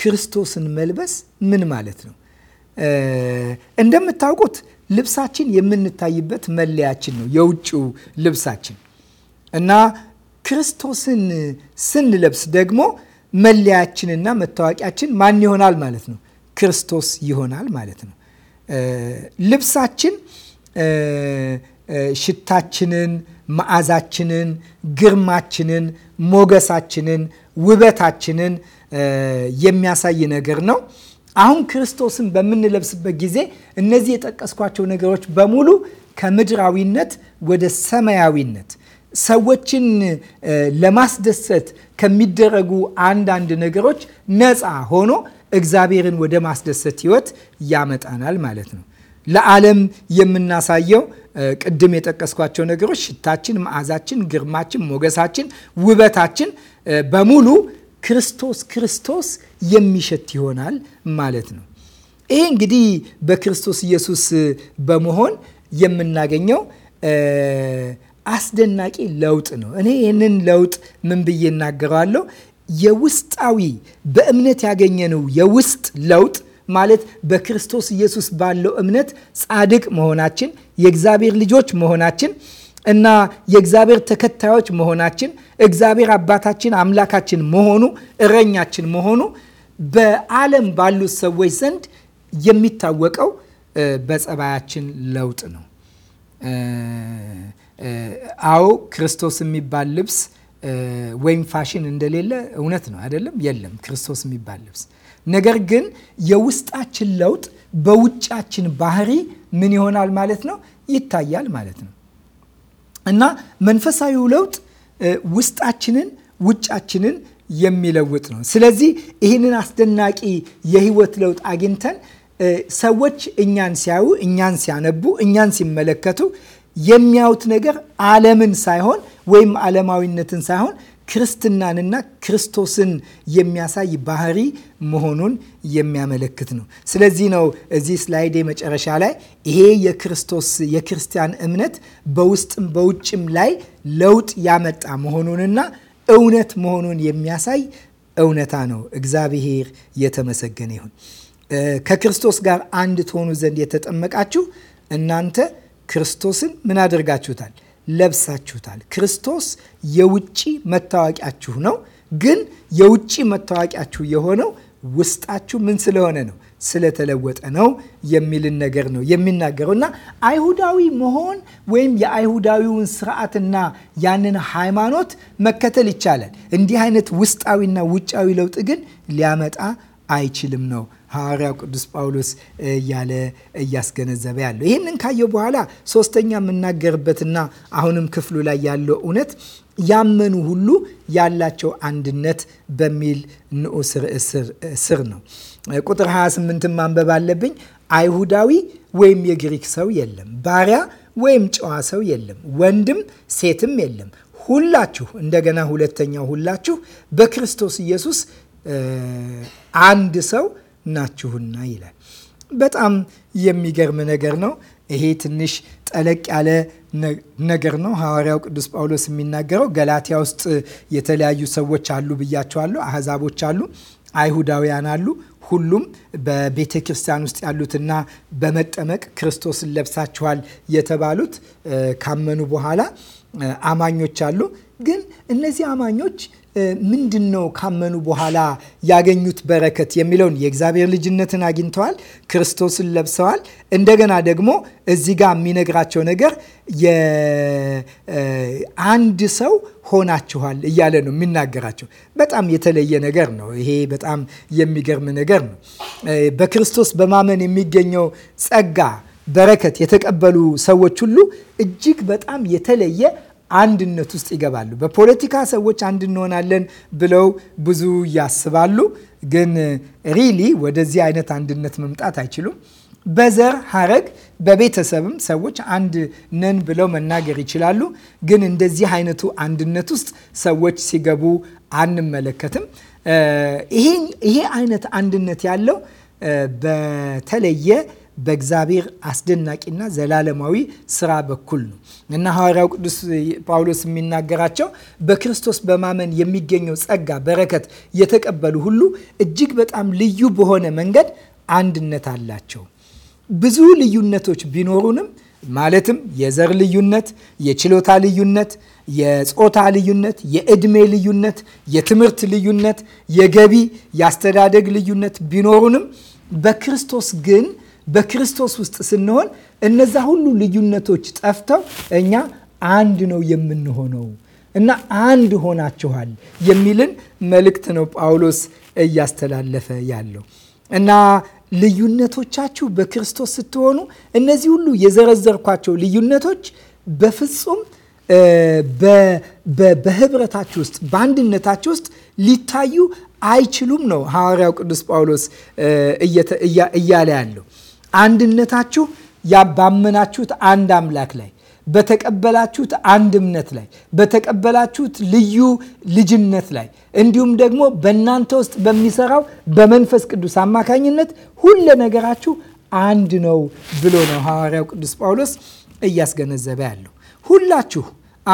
ክርስቶስን መልበስ ምን ማለት ነው? እንደምታውቁት ልብሳችን የምንታይበት መለያችን ነው፣ የውጭው ልብሳችን እና ክርስቶስን ስንለብስ ደግሞ መለያችንና መታወቂያችን ማን ይሆናል ማለት ነው? ክርስቶስ ይሆናል ማለት ነው። ልብሳችን ሽታችንን፣ መዓዛችንን፣ ግርማችንን፣ ሞገሳችንን፣ ውበታችንን የሚያሳይ ነገር ነው። አሁን ክርስቶስን በምንለብስበት ጊዜ እነዚህ የጠቀስኳቸው ነገሮች በሙሉ ከምድራዊነት ወደ ሰማያዊነት ሰዎችን ለማስደሰት ከሚደረጉ አንዳንድ ነገሮች ነፃ ሆኖ እግዚአብሔርን ወደ ማስደሰት ህይወት ያመጣናል ማለት ነው። ለዓለም የምናሳየው ቅድም የጠቀስኳቸው ነገሮች ሽታችን፣ መዓዛችን፣ ግርማችን፣ ሞገሳችን፣ ውበታችን በሙሉ ክርስቶስ ክርስቶስ የሚሸት ይሆናል ማለት ነው። ይሄ እንግዲህ በክርስቶስ ኢየሱስ በመሆን የምናገኘው አስደናቂ ለውጥ ነው። እኔ ይህንን ለውጥ ምን ብዬ እናገረዋለሁ? የውስጣዊ በእምነት ያገኘነው የውስጥ ለውጥ ማለት በክርስቶስ ኢየሱስ ባለው እምነት ጻድቅ መሆናችን፣ የእግዚአብሔር ልጆች መሆናችን እና የእግዚአብሔር ተከታዮች መሆናችን፣ እግዚአብሔር አባታችን አምላካችን መሆኑ፣ እረኛችን መሆኑ በዓለም ባሉት ሰዎች ዘንድ የሚታወቀው በጸባያችን ለውጥ ነው። አዎ ክርስቶስ የሚባል ልብስ ወይም ፋሽን እንደሌለ እውነት ነው አይደለም? የለም ክርስቶስ የሚባል ልብስ። ነገር ግን የውስጣችን ለውጥ በውጫችን ባህሪ ምን ይሆናል ማለት ነው? ይታያል ማለት ነው። እና መንፈሳዊው ለውጥ ውስጣችንን ውጫችንን የሚለውጥ ነው። ስለዚህ ይህንን አስደናቂ የህይወት ለውጥ አግኝተን ሰዎች እኛን ሲያዩ፣ እኛን ሲያነቡ፣ እኛን ሲመለከቱ የሚያዩት ነገር ዓለምን ሳይሆን ወይም ዓለማዊነትን ሳይሆን ክርስትናንና ክርስቶስን የሚያሳይ ባህሪ መሆኑን የሚያመለክት ነው። ስለዚህ ነው እዚህ ስላይዴ መጨረሻ ላይ ይሄ የክርስቶስ የክርስቲያን እምነት በውስጥም በውጭም ላይ ለውጥ ያመጣ መሆኑንና እውነት መሆኑን የሚያሳይ እውነታ ነው። እግዚአብሔር የተመሰገነ ይሁን። ከክርስቶስ ጋር አንድ ትሆኑ ዘንድ የተጠመቃችሁ እናንተ ክርስቶስን ምን አድርጋችሁታል? ለብሳችሁታል። ክርስቶስ የውጭ መታወቂያችሁ ነው። ግን የውጭ መታወቂያችሁ የሆነው ውስጣችሁ ምን ስለሆነ ነው? ስለተለወጠ ነው የሚልን ነገር ነው የሚናገረው እና አይሁዳዊ መሆን ወይም የአይሁዳዊውን ስርዓትና ያንን ሃይማኖት መከተል ይቻላል። እንዲህ አይነት ውስጣዊና ውጫዊ ለውጥ ግን ሊያመጣ አይችልም ነው ሐዋርያው ቅዱስ ጳውሎስ እያለ እያስገነዘበ ያለው። ይህንን ካየው በኋላ ሶስተኛ የምናገርበትና አሁንም ክፍሉ ላይ ያለው እውነት ያመኑ ሁሉ ያላቸው አንድነት በሚል ንዑስ ርዕስ ስር ነው። ቁጥር 28 ማንበብ አለብኝ። አይሁዳዊ ወይም የግሪክ ሰው የለም፣ ባሪያ ወይም ጨዋ ሰው የለም፣ ወንድም ሴትም የለም። ሁላችሁ እንደገና ሁለተኛው ሁላችሁ በክርስቶስ ኢየሱስ አንድ ሰው ናችሁና ይላል። በጣም የሚገርም ነገር ነው። ይሄ ትንሽ ጠለቅ ያለ ነገር ነው። ሐዋርያው ቅዱስ ጳውሎስ የሚናገረው ገላትያ ውስጥ የተለያዩ ሰዎች አሉ ብያቸዋለሁ። አህዛቦች አሉ፣ አይሁዳውያን አሉ። ሁሉም በቤተ ክርስቲያን ውስጥ ያሉትና በመጠመቅ ክርስቶስን ለብሳችኋል የተባሉት ካመኑ በኋላ አማኞች አሉ። ግን እነዚህ አማኞች ምንድን ነው ካመኑ በኋላ ያገኙት በረከት የሚለውን የእግዚአብሔር ልጅነትን አግኝተዋል፣ ክርስቶስን ለብሰዋል። እንደገና ደግሞ እዚህ ጋር የሚነግራቸው ነገር የአንድ ሰው ሆናችኋል እያለ ነው የሚናገራቸው። በጣም የተለየ ነገር ነው ይሄ። በጣም የሚገርም ነገር ነው። በክርስቶስ በማመን የሚገኘው ጸጋ፣ በረከት የተቀበሉ ሰዎች ሁሉ እጅግ በጣም የተለየ አንድነት ውስጥ ይገባሉ። በፖለቲካ ሰዎች አንድ እንሆናለን ብለው ብዙ ያስባሉ፣ ግን ሪሊ ወደዚህ አይነት አንድነት መምጣት አይችሉም። በዘር ሀረግ፣ በቤተሰብም ሰዎች አንድ ነን ብለው መናገር ይችላሉ፣ ግን እንደዚህ አይነቱ አንድነት ውስጥ ሰዎች ሲገቡ አንመለከትም። ይሄ አይነት አንድነት ያለው በተለየ በእግዚአብሔር አስደናቂና ዘላለማዊ ስራ በኩል ነው እና ሐዋርያው ቅዱስ ጳውሎስ የሚናገራቸው በክርስቶስ በማመን የሚገኘው ጸጋ፣ በረከት የተቀበሉ ሁሉ እጅግ በጣም ልዩ በሆነ መንገድ አንድነት አላቸው። ብዙ ልዩነቶች ቢኖሩንም ማለትም የዘር ልዩነት፣ የችሎታ ልዩነት፣ የጾታ ልዩነት፣ የእድሜ ልዩነት፣ የትምህርት ልዩነት፣ የገቢ የአስተዳደግ ልዩነት ቢኖሩንም በክርስቶስ ግን በክርስቶስ ውስጥ ስንሆን እነዛ ሁሉ ልዩነቶች ጠፍተው እኛ አንድ ነው የምንሆነው እና አንድ ሆናችኋል የሚልን መልእክት ነው ጳውሎስ እያስተላለፈ ያለው እና ልዩነቶቻችሁ በክርስቶስ ስትሆኑ እነዚህ ሁሉ የዘረዘርኳቸው ልዩነቶች በፍጹም በህብረታችሁ ውስጥ በአንድነታችሁ ውስጥ ሊታዩ አይችሉም ነው ሐዋርያው ቅዱስ ጳውሎስ እያለ ያለው። አንድነታችሁ ባመናችሁት አንድ አምላክ ላይ በተቀበላችሁት አንድ እምነት ላይ በተቀበላችሁት ልዩ ልጅነት ላይ እንዲሁም ደግሞ በእናንተ ውስጥ በሚሰራው በመንፈስ ቅዱስ አማካኝነት ሁለ ነገራችሁ አንድ ነው ብሎ ነው ሐዋርያው ቅዱስ ጳውሎስ እያስገነዘበ ያለው። ሁላችሁ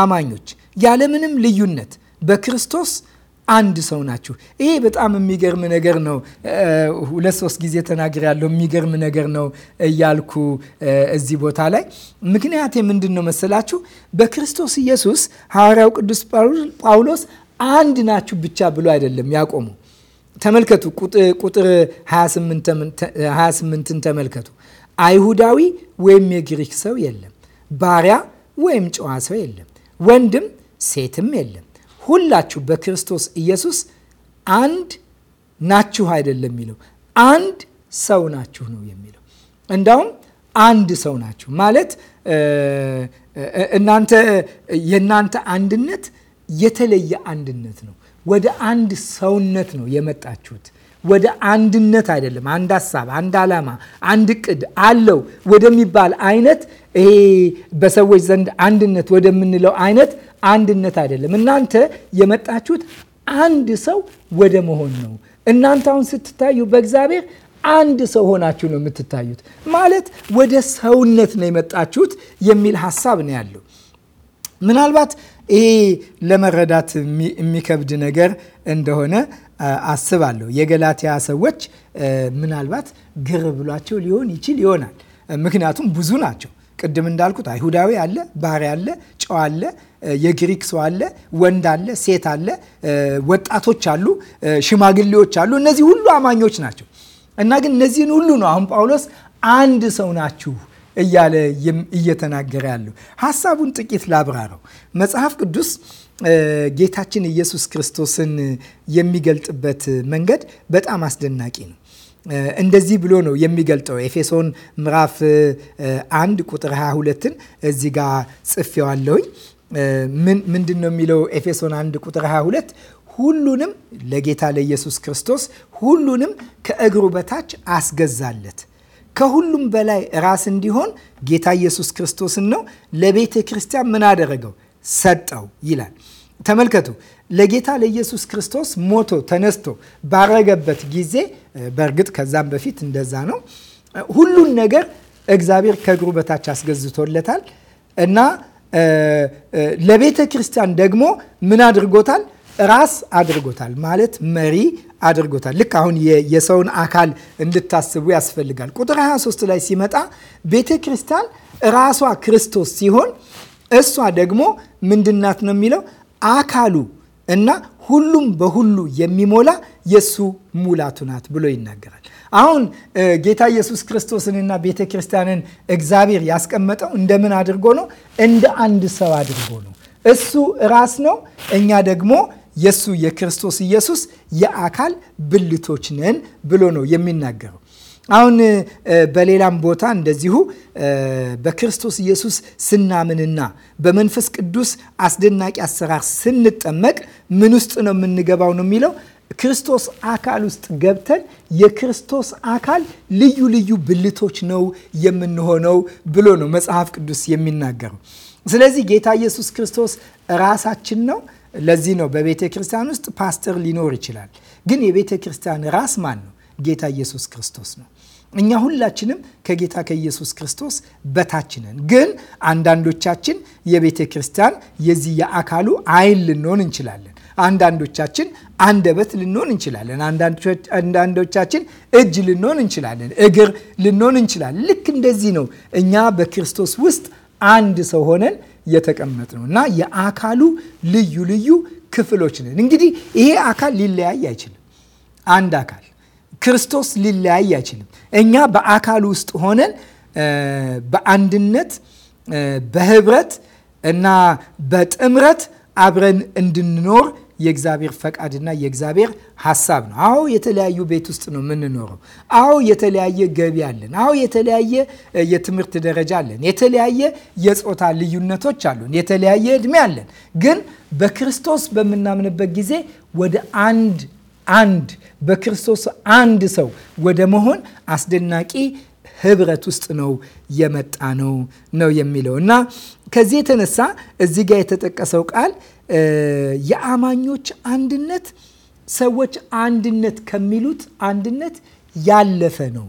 አማኞች ያለምንም ልዩነት በክርስቶስ አንድ ሰው ናችሁ። ይሄ በጣም የሚገርም ነገር ነው። ሁለት ሶስት ጊዜ ተናግር ያለው የሚገርም ነገር ነው እያልኩ እዚህ ቦታ ላይ ምክንያት የምንድን ነው መሰላችሁ? በክርስቶስ ኢየሱስ ሐዋርያው ቅዱስ ጳውሎስ አንድ ናችሁ ብቻ ብሎ አይደለም ያቆሙ። ተመልከቱ፣ ቁጥር 28ን ተመልከቱ። አይሁዳዊ ወይም የግሪክ ሰው የለም፣ ባሪያ ወይም ጨዋ ሰው የለም፣ ወንድም ሴትም የለም ሁላችሁ በክርስቶስ ኢየሱስ አንድ ናችሁ አይደለም የሚለው አንድ ሰው ናችሁ ነው የሚለው። እንዳውም አንድ ሰው ናችሁ ማለት እናንተ የእናንተ አንድነት የተለየ አንድነት ነው። ወደ አንድ ሰውነት ነው የመጣችሁት። ወደ አንድነት አይደለም፣ አንድ ሀሳብ፣ አንድ ዓላማ፣ አንድ እቅድ አለው ወደሚባል አይነት ይሄ በሰዎች ዘንድ አንድነት ወደምንለው አይነት አንድነት አይደለም። እናንተ የመጣችሁት አንድ ሰው ወደ መሆን ነው። እናንተ አሁን ስትታዩ በእግዚአብሔር አንድ ሰው ሆናችሁ ነው የምትታዩት። ማለት ወደ ሰውነት ነው የመጣችሁት የሚል ሀሳብ ነው ያለው። ምናልባት ይሄ ለመረዳት የሚከብድ ነገር እንደሆነ አስባለሁ። የገላትያ ሰዎች ምናልባት ግር ብሏቸው ሊሆን ይችል ይሆናል። ምክንያቱም ብዙ ናቸው። ቅድም እንዳልኩት አይሁዳዊ አለ፣ ባሪያ አለ፣ ጨዋ አለ፣ የግሪክ ሰው አለ፣ ወንድ አለ፣ ሴት አለ፣ ወጣቶች አሉ፣ ሽማግሌዎች አሉ። እነዚህ ሁሉ አማኞች ናቸው እና ግን እነዚህን ሁሉ ነው አሁን ጳውሎስ አንድ ሰው ናችሁ እያለ እየተናገረ ያለው። ሀሳቡን ጥቂት ላብራረው። መጽሐፍ ቅዱስ ጌታችን ኢየሱስ ክርስቶስን የሚገልጥበት መንገድ በጣም አስደናቂ ነው። እንደዚህ ብሎ ነው የሚገልጠው። ኤፌሶን ምዕራፍ 1 ቁጥር 22ን እዚህ ጋር ጽፌዋለሁኝ። ምንድን ነው የሚለው ኤፌሶን 1 ቁጥር 22 ሁሉንም ለጌታ ለኢየሱስ ክርስቶስ ሁሉንም ከእግሩ በታች አስገዛለት ከሁሉም በላይ ራስ እንዲሆን ጌታ ኢየሱስ ክርስቶስን ነው ለቤተ ክርስቲያን ምን አደረገው ሰጠው ይላል ተመልከቱ ለጌታ ለኢየሱስ ክርስቶስ ሞቶ ተነስቶ ባረገበት ጊዜ በእርግጥ ከዛም በፊት እንደዛ ነው ሁሉን ነገር እግዚአብሔር ከእግሩ በታች አስገዝቶለታል እና ለቤተ ክርስቲያን ደግሞ ምን አድርጎታል? ራስ አድርጎታል። ማለት መሪ አድርጎታል። ልክ አሁን የሰውን አካል እንድታስቡ ያስፈልጋል። ቁጥር 23 ላይ ሲመጣ ቤተ ክርስቲያን ራሷ ክርስቶስ ሲሆን እሷ ደግሞ ምንድናት ነው የሚለው አካሉ እና ሁሉም በሁሉ የሚሞላ የእሱ ሙላቱ ናት ብሎ ይናገራል። አሁን ጌታ ኢየሱስ ክርስቶስንና ቤተ ክርስቲያንን እግዚአብሔር ያስቀመጠው እንደምን አድርጎ ነው? እንደ አንድ ሰው አድርጎ ነው። እሱ ራስ ነው፣ እኛ ደግሞ የሱ የክርስቶስ ኢየሱስ የአካል ብልቶች ነን ብሎ ነው የሚናገረው። አሁን በሌላም ቦታ እንደዚሁ በክርስቶስ ኢየሱስ ስናምንና በመንፈስ ቅዱስ አስደናቂ አሰራር ስንጠመቅ ምን ውስጥ ነው የምንገባው ነው የሚለው ክርስቶስ አካል ውስጥ ገብተን የክርስቶስ አካል ልዩ ልዩ ብልቶች ነው የምንሆነው ብሎ ነው መጽሐፍ ቅዱስ የሚናገረው። ስለዚህ ጌታ ኢየሱስ ክርስቶስ ራሳችን ነው። ለዚህ ነው በቤተ ክርስቲያን ውስጥ ፓስተር ሊኖር ይችላል። ግን የቤተ ክርስቲያን ራስ ማን ነው? ጌታ ኢየሱስ ክርስቶስ ነው። እኛ ሁላችንም ከጌታ ከኢየሱስ ክርስቶስ በታች ነን። ግን አንዳንዶቻችን የቤተ ክርስቲያን የዚህ የአካሉ አይን ልንሆን እንችላለን። አንዳንዶቻችን አንደበት ልንሆን እንችላለን። አንዳንዶቻችን እጅ ልንሆን እንችላለን፣ እግር ልንሆን እንችላለን። ልክ እንደዚህ ነው እኛ በክርስቶስ ውስጥ አንድ ሰው ሆነን የተቀመጥ ነው እና የአካሉ ልዩ ልዩ ክፍሎች ነን። እንግዲህ ይሄ አካል ሊለያይ አይችልም። አንድ አካል ክርስቶስ ሊለያይ አይችልም። እኛ በአካል ውስጥ ሆነን በአንድነት በህብረት እና በጥምረት አብረን እንድንኖር የእግዚአብሔር ፈቃድና የእግዚአብሔር ሀሳብ ነው። አዎ የተለያዩ ቤት ውስጥ ነው የምንኖረው። አዎ የተለያየ ገቢ አለን። አዎ የተለያየ የትምህርት ደረጃ አለን። የተለያየ የጾታ ልዩነቶች አሉን። የተለያየ እድሜ አለን። ግን በክርስቶስ በምናምንበት ጊዜ ወደ አንድ አንድ በክርስቶስ አንድ ሰው ወደ መሆን አስደናቂ ህብረት ውስጥ ነው የመጣ ነው ነው የሚለው እና ከዚህ የተነሳ እዚህ ጋር የተጠቀሰው ቃል የአማኞች አንድነት ሰዎች አንድነት ከሚሉት አንድነት ያለፈ ነው።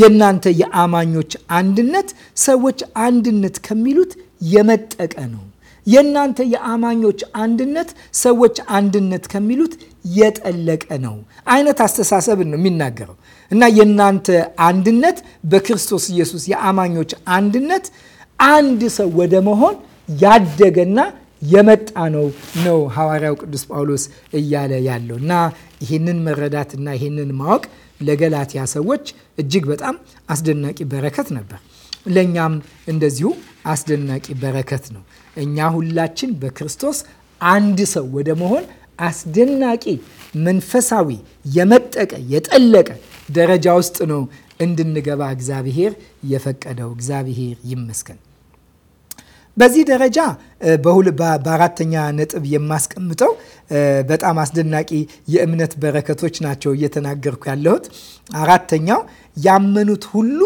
የእናንተ የአማኞች አንድነት ሰዎች አንድነት ከሚሉት የመጠቀ ነው። የእናንተ የአማኞች አንድነት ሰዎች አንድነት ከሚሉት የጠለቀ ነው አይነት አስተሳሰብን ነው የሚናገረው እና የእናንተ አንድነት በክርስቶስ ኢየሱስ የአማኞች አንድነት አንድ ሰው ወደ መሆን ያደገና የመጣ ነው ነው ሐዋርያው ቅዱስ ጳውሎስ እያለ ያለው እና ይህንን መረዳትና ይህንን ማወቅ ለገላትያ ሰዎች እጅግ በጣም አስደናቂ በረከት ነበር። ለእኛም እንደዚሁ አስደናቂ በረከት ነው። እኛ ሁላችን በክርስቶስ አንድ ሰው ወደ መሆን አስደናቂ መንፈሳዊ የመጠቀ የጠለቀ ደረጃ ውስጥ ነው እንድንገባ እግዚአብሔር የፈቀደው እግዚአብሔር ይመስገን። በዚህ ደረጃ በአራተኛ ነጥብ የማስቀምጠው በጣም አስደናቂ የእምነት በረከቶች ናቸው እየተናገርኩ ያለሁት። አራተኛው ያመኑት ሁሉ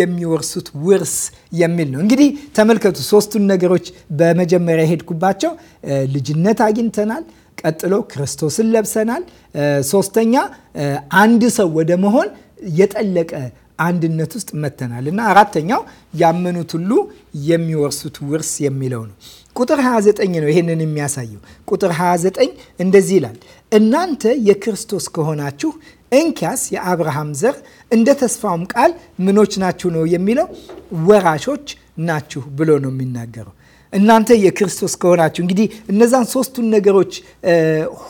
የሚወርሱት ውርስ የሚል ነው። እንግዲህ ተመልከቱ፣ ሶስቱን ነገሮች በመጀመሪያ የሄድኩባቸው ልጅነት አግኝተናል፣ ቀጥሎ ክርስቶስን ለብሰናል፣ ሶስተኛ አንድ ሰው ወደ መሆን የጠለቀ አንድነት ውስጥ መተናል እና አራተኛው ያመኑት ሁሉ የሚወርሱት ውርስ የሚለው ነው። ቁጥር 29 ነው ይህንን የሚያሳየው። ቁጥር 29 እንደዚህ ይላል፣ እናንተ የክርስቶስ ከሆናችሁ እንኪያስ የአብርሃም ዘር እንደ ተስፋውም ቃል ምኖች ናችሁ ነው የሚለው ወራሾች ናችሁ ብሎ ነው የሚናገረው። እናንተ የክርስቶስ ከሆናችሁ እንግዲህ እነዛን ሶስቱን ነገሮች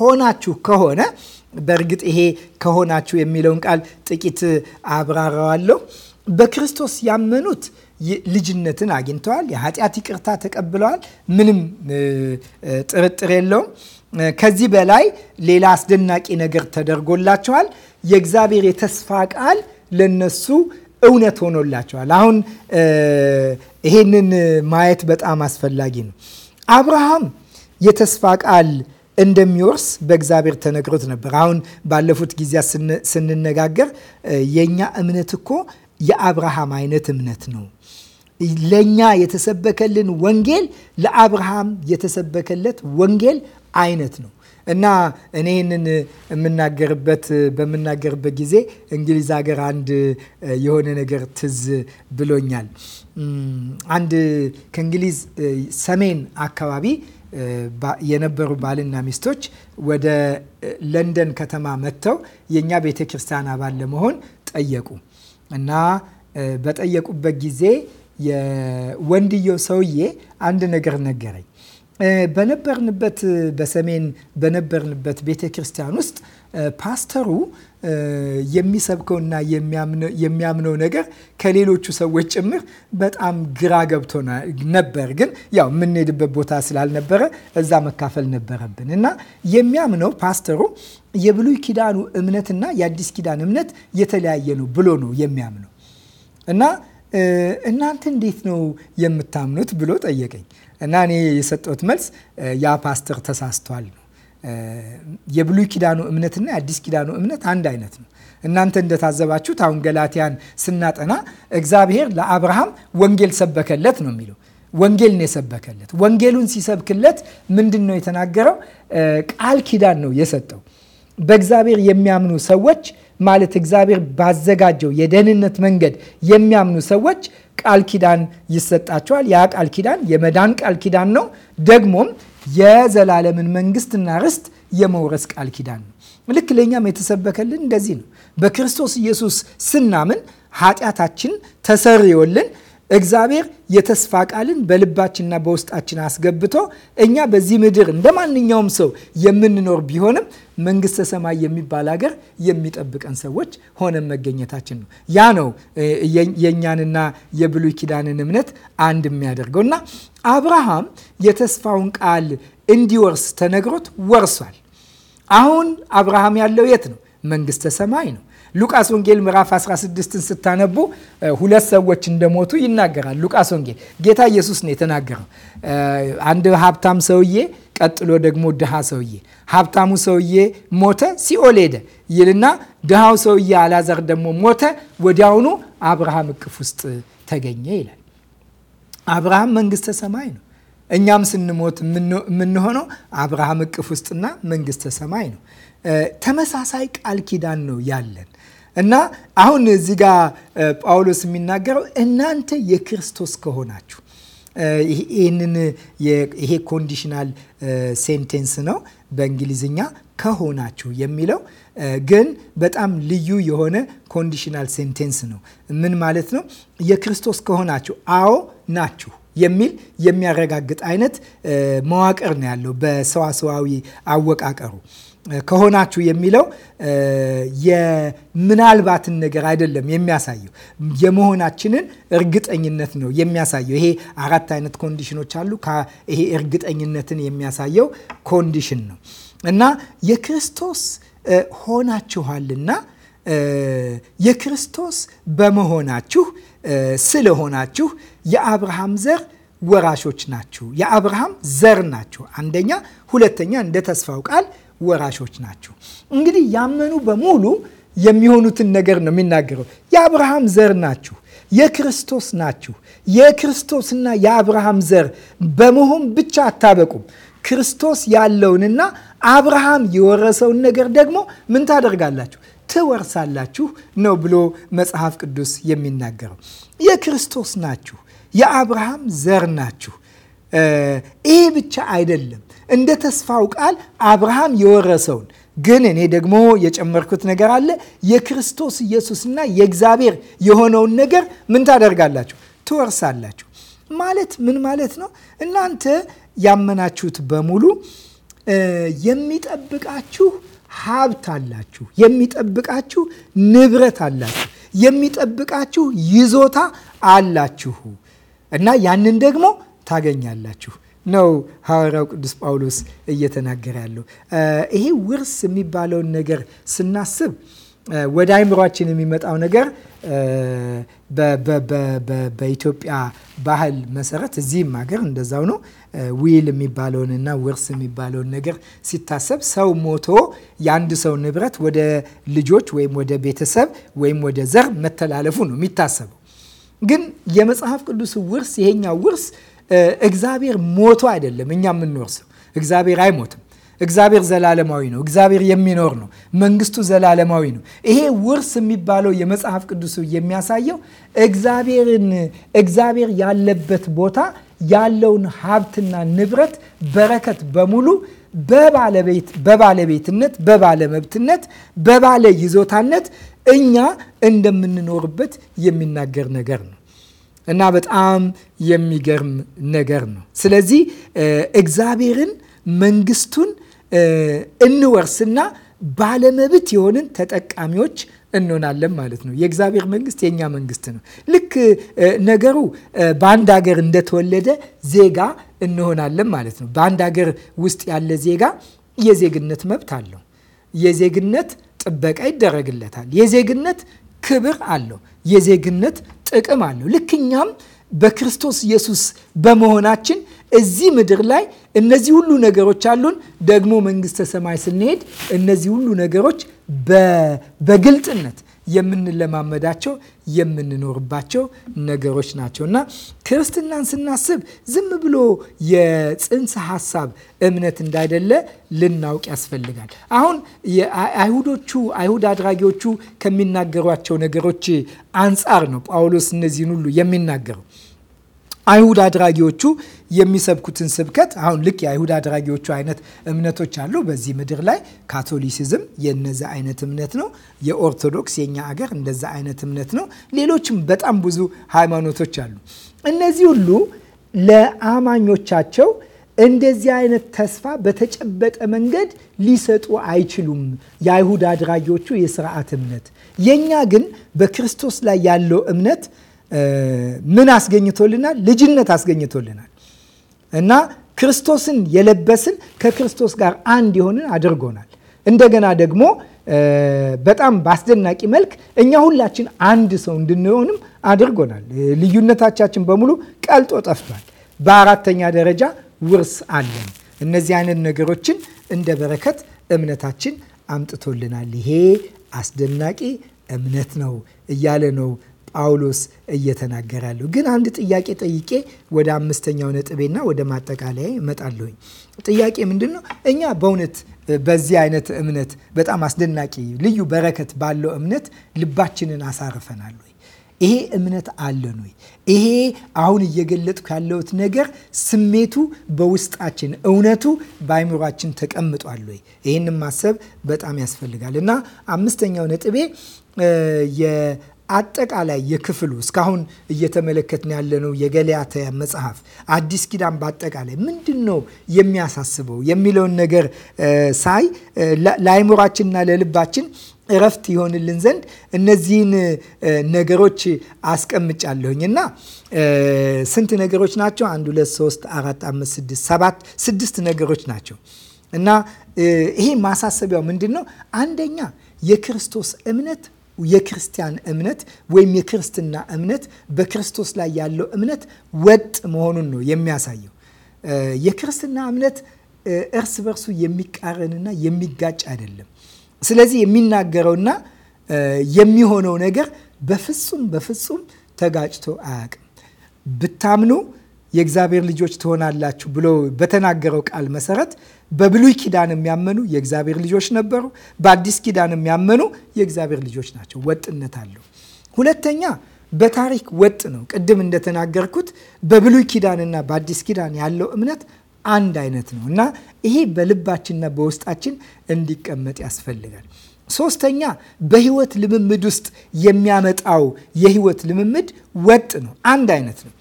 ሆናችሁ ከሆነ በእርግጥ ይሄ ከሆናችሁ የሚለውን ቃል ጥቂት አብራራዋለሁ። በክርስቶስ ያመኑት ልጅነትን አግኝተዋል። የኃጢአት ይቅርታ ተቀብለዋል። ምንም ጥርጥር የለውም። ከዚህ በላይ ሌላ አስደናቂ ነገር ተደርጎላቸዋል። የእግዚአብሔር የተስፋ ቃል ለነሱ እውነት ሆኖላቸዋል። አሁን ይሄንን ማየት በጣም አስፈላጊ ነው። አብርሃም የተስፋ ቃል እንደሚወርስ በእግዚአብሔር ተነግሮት ነበር። አሁን ባለፉት ጊዜያት ስንነጋገር የእኛ እምነት እኮ የአብርሃም አይነት እምነት ነው። ለእኛ የተሰበከልን ወንጌል ለአብርሃም የተሰበከለት ወንጌል አይነት ነው እና እኔ ይህንን የምናገርበት በምናገርበት ጊዜ እንግሊዝ ሀገር አንድ የሆነ ነገር ትዝ ብሎኛል። አንድ ከእንግሊዝ ሰሜን አካባቢ የነበሩ ባልና ሚስቶች ወደ ለንደን ከተማ መጥተው የእኛ ቤተ ክርስቲያን አባል ለመሆን ጠየቁ እና በጠየቁበት ጊዜ የወንድየው ሰውዬ አንድ ነገር ነገረኝ። በነበርንበት በሰሜን በነበርንበት ቤተ ክርስቲያን ውስጥ ፓስተሩ የሚሰብከውና የሚያምነው ነገር ከሌሎቹ ሰዎች ጭምር በጣም ግራ ገብቶ ነበር። ግን ያው የምንሄድበት ቦታ ስላልነበረ እዛ መካፈል ነበረብን እና የሚያምነው ፓስተሩ የብሉይ ኪዳኑ እምነትና የአዲስ ኪዳን እምነት የተለያየ ነው ብሎ ነው የሚያምነው እና እናንተ እንዴት ነው የምታምኑት ብሎ ጠየቀኝ እና እኔ የሰጠሁት መልስ ያ ፓስተር ተሳስቷል የብሉይ ኪዳኑ እምነትና የአዲስ ኪዳኑ እምነት አንድ አይነት ነው። እናንተ እንደታዘባችሁት አሁን ገላትያን ስናጠና እግዚአብሔር ለአብርሃም ወንጌል ሰበከለት ነው የሚለው። ወንጌል ነው የሰበከለት። ወንጌሉን ሲሰብክለት ምንድን ነው የተናገረው? ቃል ኪዳን ነው የሰጠው። በእግዚአብሔር የሚያምኑ ሰዎች ማለት እግዚአብሔር ባዘጋጀው የደህንነት መንገድ የሚያምኑ ሰዎች ቃል ኪዳን ይሰጣቸዋል። ያ ቃል ኪዳን የመዳን ቃል ኪዳን ነው። ደግሞም የዘላለምን መንግስትና ርስት የመውረስ ቃል ኪዳን ነው። ልክ ለእኛም የተሰበከልን እንደዚህ ነው። በክርስቶስ ኢየሱስ ስናምን ኃጢአታችን ተሰርዮልን እግዚአብሔር የተስፋ ቃልን በልባችንና በውስጣችን አስገብቶ እኛ በዚህ ምድር እንደ ማንኛውም ሰው የምንኖር ቢሆንም መንግስተ ሰማይ የሚባል ሀገር የሚጠብቀን ሰዎች ሆነን መገኘታችን ነው። ያ ነው የእኛንና የብሉይ ኪዳንን እምነት አንድ የሚያደርገው እና አብርሃም የተስፋውን ቃል እንዲወርስ ተነግሮት ወርሷል። አሁን አብርሃም ያለው የት ነው? መንግስተ ሰማይ ነው። ሉቃስ ወንጌል ምዕራፍ 16ን ስታነቡ ሁለት ሰዎች እንደሞቱ ይናገራል። ሉቃስ ወንጌል ጌታ ኢየሱስ ነው የተናገረው። አንድ ሀብታም ሰውዬ፣ ቀጥሎ ደግሞ ድሃ ሰውዬ። ሀብታሙ ሰውዬ ሞተ፣ ሲኦል ሄደ ይልና ድሃው ሰውዬ አላዘር ደግሞ ሞተ፣ ወዲያውኑ አብርሃም እቅፍ ውስጥ ተገኘ ይላል። አብርሃም መንግስተ ሰማይ ነው። እኛም ስንሞት የምንሆነው አብርሃም እቅፍ ውስጥና መንግስተ ሰማይ ነው። ተመሳሳይ ቃል ኪዳን ነው ያለን እና አሁን እዚህ ጋር ጳውሎስ የሚናገረው እናንተ የክርስቶስ ከሆናችሁ ይህንን ይሄ ኮንዲሽናል ሴንቴንስ ነው በእንግሊዝኛ ከሆናችሁ የሚለው ግን በጣም ልዩ የሆነ ኮንዲሽናል ሴንቴንስ ነው። ምን ማለት ነው? የክርስቶስ ከሆናችሁ አዎ ናችሁ የሚል የሚያረጋግጥ አይነት መዋቅር ነው ያለው በሰዋሰዋዊ አወቃቀሩ። ከሆናችሁ የሚለው የምናልባትን ነገር አይደለም የሚያሳየው፣ የመሆናችንን እርግጠኝነት ነው የሚያሳየው። ይሄ አራት አይነት ኮንዲሽኖች አሉ። ይሄ እርግጠኝነትን የሚያሳየው ኮንዲሽን ነው እና የክርስቶስ ሆናችኋልና የክርስቶስ በመሆናችሁ ስለሆናችሁ የአብርሃም ዘር ወራሾች ናችሁ። የአብርሃም ዘር ናችሁ። አንደኛ፣ ሁለተኛ እንደ ተስፋው ቃል ወራሾች ናቸው እንግዲህ ያመኑ በሙሉ የሚሆኑትን ነገር ነው የሚናገረው። የአብርሃም ዘር ናችሁ፣ የክርስቶስ ናችሁ። የክርስቶስና የአብርሃም ዘር በመሆን ብቻ አታበቁም። ክርስቶስ ያለውንና አብርሃም የወረሰውን ነገር ደግሞ ምን ታደርጋላችሁ? ትወርሳላችሁ ነው ብሎ መጽሐፍ ቅዱስ የሚናገረው። የክርስቶስ ናችሁ፣ የአብርሃም ዘር ናችሁ። ይሄ ብቻ አይደለም። እንደ ተስፋው ቃል አብርሃም የወረሰውን ግን እኔ ደግሞ የጨመርኩት ነገር አለ። የክርስቶስ ኢየሱስና የእግዚአብሔር የሆነውን ነገር ምን ታደርጋላችሁ? ትወርሳላችሁ። ማለት ምን ማለት ነው? እናንተ ያመናችሁት በሙሉ የሚጠብቃችሁ ሀብት አላችሁ፣ የሚጠብቃችሁ ንብረት አላችሁ፣ የሚጠብቃችሁ ይዞታ አላችሁ እና ያንን ደግሞ ታገኛላችሁ። ነው ሐዋርያው ቅዱስ ጳውሎስ እየተናገረ ያለው። ይሄ ውርስ የሚባለውን ነገር ስናስብ ወደ አይምሯችን የሚመጣው ነገር በኢትዮጵያ ባህል መሰረት እዚህም ሀገር እንደዛው ነው። ዊል የሚባለውንና ውርስ የሚባለውን ነገር ሲታሰብ ሰው ሞቶ የአንድ ሰው ንብረት ወደ ልጆች ወይም ወደ ቤተሰብ ወይም ወደ ዘር መተላለፉ ነው የሚታሰበው። ግን የመጽሐፍ ቅዱስ ውርስ ይሄኛው ውርስ እግዚአብሔር ሞቶ አይደለም እኛ የምንወርሰው። እግዚአብሔር አይሞትም። እግዚአብሔር ዘላለማዊ ነው። እግዚአብሔር የሚኖር ነው። መንግስቱ ዘላለማዊ ነው። ይሄ ውርስ የሚባለው የመጽሐፍ ቅዱስ የሚያሳየው እግዚአብሔርን እግዚአብሔር ያለበት ቦታ ያለውን ሀብትና ንብረት በረከት በሙሉ በባለቤት በባለቤትነት በባለመብትነት በባለ ይዞታነት እኛ እንደምንኖርበት የሚናገር ነገር ነው። እና በጣም የሚገርም ነገር ነው። ስለዚህ እግዚአብሔርን መንግስቱን እንወርስና ባለመብት የሆንን ተጠቃሚዎች እንሆናለን ማለት ነው። የእግዚአብሔር መንግስት የእኛ መንግስት ነው። ልክ ነገሩ በአንድ ሀገር እንደተወለደ ዜጋ እንሆናለን ማለት ነው። በአንድ ሀገር ውስጥ ያለ ዜጋ የዜግነት መብት አለው። የዜግነት ጥበቃ ይደረግለታል። የዜግነት ክብር አለው። የዜግነት ጥቅም አለው። ልክ እኛም በክርስቶስ ኢየሱስ በመሆናችን እዚህ ምድር ላይ እነዚህ ሁሉ ነገሮች አሉን። ደግሞ መንግስተ ሰማይ ስንሄድ እነዚህ ሁሉ ነገሮች በግልጥነት የምንለማመዳቸው የምንኖርባቸው ነገሮች ናቸው እና ክርስትናን ስናስብ ዝም ብሎ የጽንሰ ሀሳብ እምነት እንዳይደለ ልናውቅ ያስፈልጋል። አሁን አይሁዶቹ አይሁድ አድራጊዎቹ ከሚናገሯቸው ነገሮች አንጻር ነው ጳውሎስ እነዚህን ሁሉ የሚናገረው አይሁድ አድራጊዎቹ የሚሰብኩትን ስብከት አሁን ልክ የአይሁድ አድራጊዎቹ አይነት እምነቶች አሉ በዚህ ምድር ላይ ካቶሊሲዝም የነዚ አይነት እምነት ነው። የኦርቶዶክስ የኛ አገር እንደዚ አይነት እምነት ነው። ሌሎችም በጣም ብዙ ሃይማኖቶች አሉ። እነዚህ ሁሉ ለአማኞቻቸው እንደዚህ አይነት ተስፋ በተጨበጠ መንገድ ሊሰጡ አይችሉም። የአይሁድ አድራጊዎቹ የስርዓት እምነት፣ የእኛ ግን በክርስቶስ ላይ ያለው እምነት ምን አስገኝቶልናል? ልጅነት አስገኝቶልናል እና ክርስቶስን የለበስን ከክርስቶስ ጋር አንድ የሆንን አድርጎናል። እንደገና ደግሞ በጣም በአስደናቂ መልክ እኛ ሁላችን አንድ ሰው እንድንሆንም አድርጎናል። ልዩነታቻችን በሙሉ ቀልጦ ጠፍቷል። በአራተኛ ደረጃ ውርስ አለን። እነዚህ አይነት ነገሮችን እንደ በረከት እምነታችን አምጥቶልናል። ይሄ አስደናቂ እምነት ነው እያለ ነው ጳውሎስ እየተናገረ ግን አንድ ጥያቄ ጠይቄ ወደ አምስተኛው ነጥቤና ወደ ማጠቃለያ እመጣለሁኝ። ጥያቄ ምንድን ነው? እኛ በእውነት በዚህ አይነት እምነት በጣም አስደናቂ ልዩ በረከት ባለው እምነት ልባችንን አሳርፈናል ወይ? ይሄ እምነት አለን ወይ? ይሄ አሁን እየገለጥኩ ያለሁት ነገር ስሜቱ በውስጣችን እውነቱ በአይምሯችን ተቀምጧል ወይ? ይህን ማሰብ በጣም ያስፈልጋል እና አምስተኛው ነጥቤ አጠቃላይ የክፍሉ እስካሁን እየተመለከትን ያለነው የገላትያ መጽሐፍ አዲስ ኪዳን በአጠቃላይ ምንድን ነው የሚያሳስበው የሚለውን ነገር ሳይ ለአይምሯችንና ለልባችን እረፍት ይሆንልን ዘንድ እነዚህን ነገሮች አስቀምጫለሁኝ እና ስንት ነገሮች ናቸው? አንድ ሁለት ሶስት አራት አምስት ስድስት ሰባት ስድስት ነገሮች ናቸው እና ይሄ ማሳሰቢያው ምንድን ነው? አንደኛ የክርስቶስ እምነት የክርስቲያን እምነት ወይም የክርስትና እምነት በክርስቶስ ላይ ያለው እምነት ወጥ መሆኑን ነው የሚያሳየው። የክርስትና እምነት እርስ በርሱ የሚቃረንና የሚጋጭ አይደለም። ስለዚህ የሚናገረውና የሚሆነው ነገር በፍጹም በፍጹም ተጋጭቶ አያውቅም። ብታምኑ የእግዚአብሔር ልጆች ትሆናላችሁ ብሎ በተናገረው ቃል መሰረት በብሉይ ኪዳን የሚያመኑ የእግዚአብሔር ልጆች ነበሩ። በአዲስ ኪዳን የሚያመኑ የእግዚአብሔር ልጆች ናቸው። ወጥነት አለው። ሁለተኛ በታሪክ ወጥ ነው። ቅድም እንደተናገርኩት በብሉይ ኪዳንና በአዲስ ኪዳን ያለው እምነት አንድ አይነት ነው እና ይሄ በልባችንና በውስጣችን እንዲቀመጥ ያስፈልጋል። ሶስተኛ በህይወት ልምምድ ውስጥ የሚያመጣው የህይወት ልምምድ ወጥ ነው፣ አንድ አይነት ነው።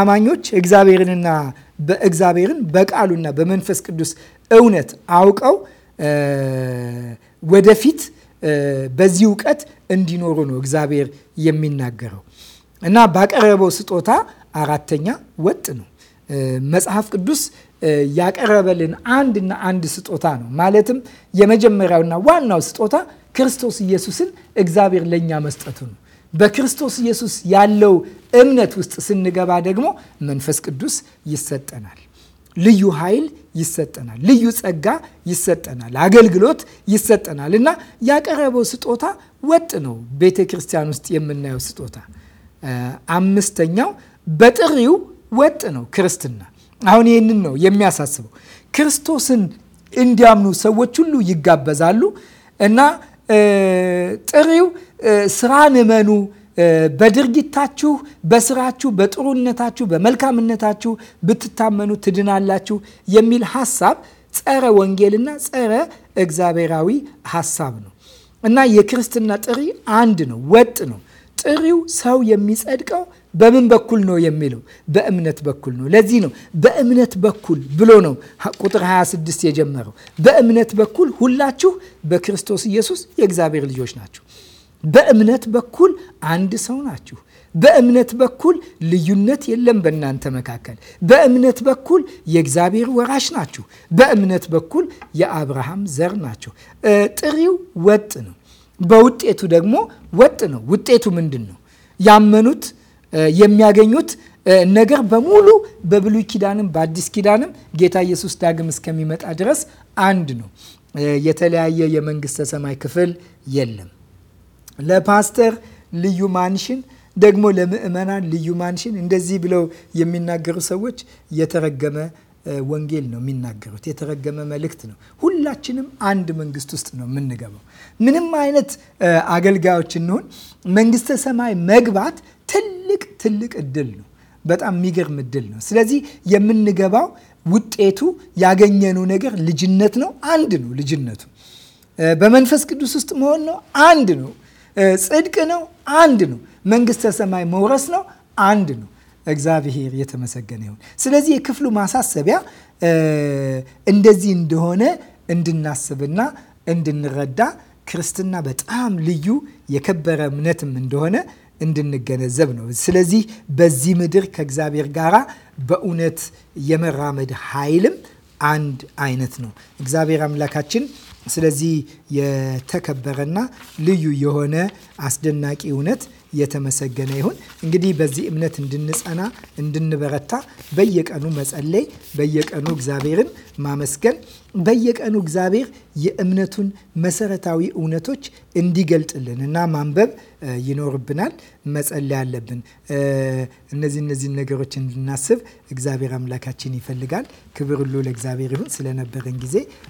አማኞች እግዚአብሔርንና በእግዚአብሔርን በቃሉና በመንፈስ ቅዱስ እውነት አውቀው ወደፊት በዚህ እውቀት እንዲኖሩ ነው እግዚአብሔር የሚናገረው እና ባቀረበው ስጦታ አራተኛ ወጥ ነው። መጽሐፍ ቅዱስ ያቀረበልን አንድና አንድ ስጦታ ነው። ማለትም የመጀመሪያውና ዋናው ስጦታ ክርስቶስ ኢየሱስን እግዚአብሔር ለእኛ መስጠቱ ነው። በክርስቶስ ኢየሱስ ያለው እምነት ውስጥ ስንገባ ደግሞ መንፈስ ቅዱስ ይሰጠናል። ልዩ ኃይል ይሰጠናል፣ ልዩ ጸጋ ይሰጠናል፣ አገልግሎት ይሰጠናል እና ያቀረበው ስጦታ ወጥ ነው። ቤተ ክርስቲያን ውስጥ የምናየው ስጦታ አምስተኛው በጥሪው ወጥ ነው። ክርስትና አሁን ይህንን ነው የሚያሳስበው። ክርስቶስን እንዲያምኑ ሰዎች ሁሉ ይጋበዛሉ እና ጥሪው ስራን እመኑ በድርጊታችሁ፣ በስራችሁ፣ በጥሩነታችሁ፣ በመልካምነታችሁ ብትታመኑ ትድናላችሁ የሚል ሀሳብ ጸረ ወንጌልና ጸረ እግዚአብሔራዊ ሀሳብ ነው እና የክርስትና ጥሪ አንድ ነው፣ ወጥ ነው። ጥሪው ሰው የሚጸድቀው በምን በኩል ነው የሚለው በእምነት በኩል ነው። ለዚህ ነው በእምነት በኩል ብሎ ነው ቁጥር 26 የጀመረው። በእምነት በኩል ሁላችሁ በክርስቶስ ኢየሱስ የእግዚአብሔር ልጆች ናቸው? በእምነት በኩል አንድ ሰው ናችሁ። በእምነት በኩል ልዩነት የለም በእናንተ መካከል። በእምነት በኩል የእግዚአብሔር ወራሽ ናችሁ። በእምነት በኩል የአብርሃም ዘር ናችሁ። ጥሪው ወጥ ነው። በውጤቱ ደግሞ ወጥ ነው። ውጤቱ ምንድን ነው? ያመኑት የሚያገኙት ነገር በሙሉ በብሉይ ኪዳንም በአዲስ ኪዳንም ጌታ ኢየሱስ ዳግም እስከሚመጣ ድረስ አንድ ነው። የተለያየ የመንግስተ ሰማይ ክፍል የለም። ለፓስተር ልዩ ማንሽን ደግሞ ለምእመናን ልዩ ማንሽን እንደዚህ ብለው የሚናገሩ ሰዎች የተረገመ ወንጌል ነው የሚናገሩት፣ የተረገመ መልእክት ነው። ሁላችንም አንድ መንግስት ውስጥ ነው የምንገባው። ምንም አይነት አገልጋዮች እንሆን፣ መንግስተ ሰማይ መግባት ትልቅ ትልቅ እድል ነው። በጣም የሚገርም እድል ነው። ስለዚህ የምንገባው ውጤቱ ያገኘነው ነገር ልጅነት ነው። አንድ ነው ልጅነቱ። በመንፈስ ቅዱስ ውስጥ መሆን ነው። አንድ ነው ጽድቅ ነው፣ አንድ ነው። መንግስተ ሰማይ መውረስ ነው፣ አንድ ነው። እግዚአብሔር የተመሰገነ ይሁን። ስለዚህ የክፍሉ ማሳሰቢያ እንደዚህ እንደሆነ እንድናስብና እንድንረዳ ክርስትና በጣም ልዩ የከበረ እምነትም እንደሆነ እንድንገነዘብ ነው። ስለዚህ በዚህ ምድር ከእግዚአብሔር ጋር በእውነት የመራመድ ኃይልም አንድ አይነት ነው። እግዚአብሔር አምላካችን ስለዚህ የተከበረና ልዩ የሆነ አስደናቂ እውነት የተመሰገነ ይሁን። እንግዲህ በዚህ እምነት እንድንጸና እንድንበረታ በየቀኑ መጸለይ፣ በየቀኑ እግዚአብሔርን ማመስገን፣ በየቀኑ እግዚአብሔር የእምነቱን መሰረታዊ እውነቶች እንዲገልጥልን እና ማንበብ ይኖርብናል፣ መጸለይ አለብን። እነዚህ እነዚህን ነገሮች እንድናስብ እግዚአብሔር አምላካችን ይፈልጋል። ክብር ሁሉ ለእግዚአብሔር ይሁን። ስለነበረን ጊዜ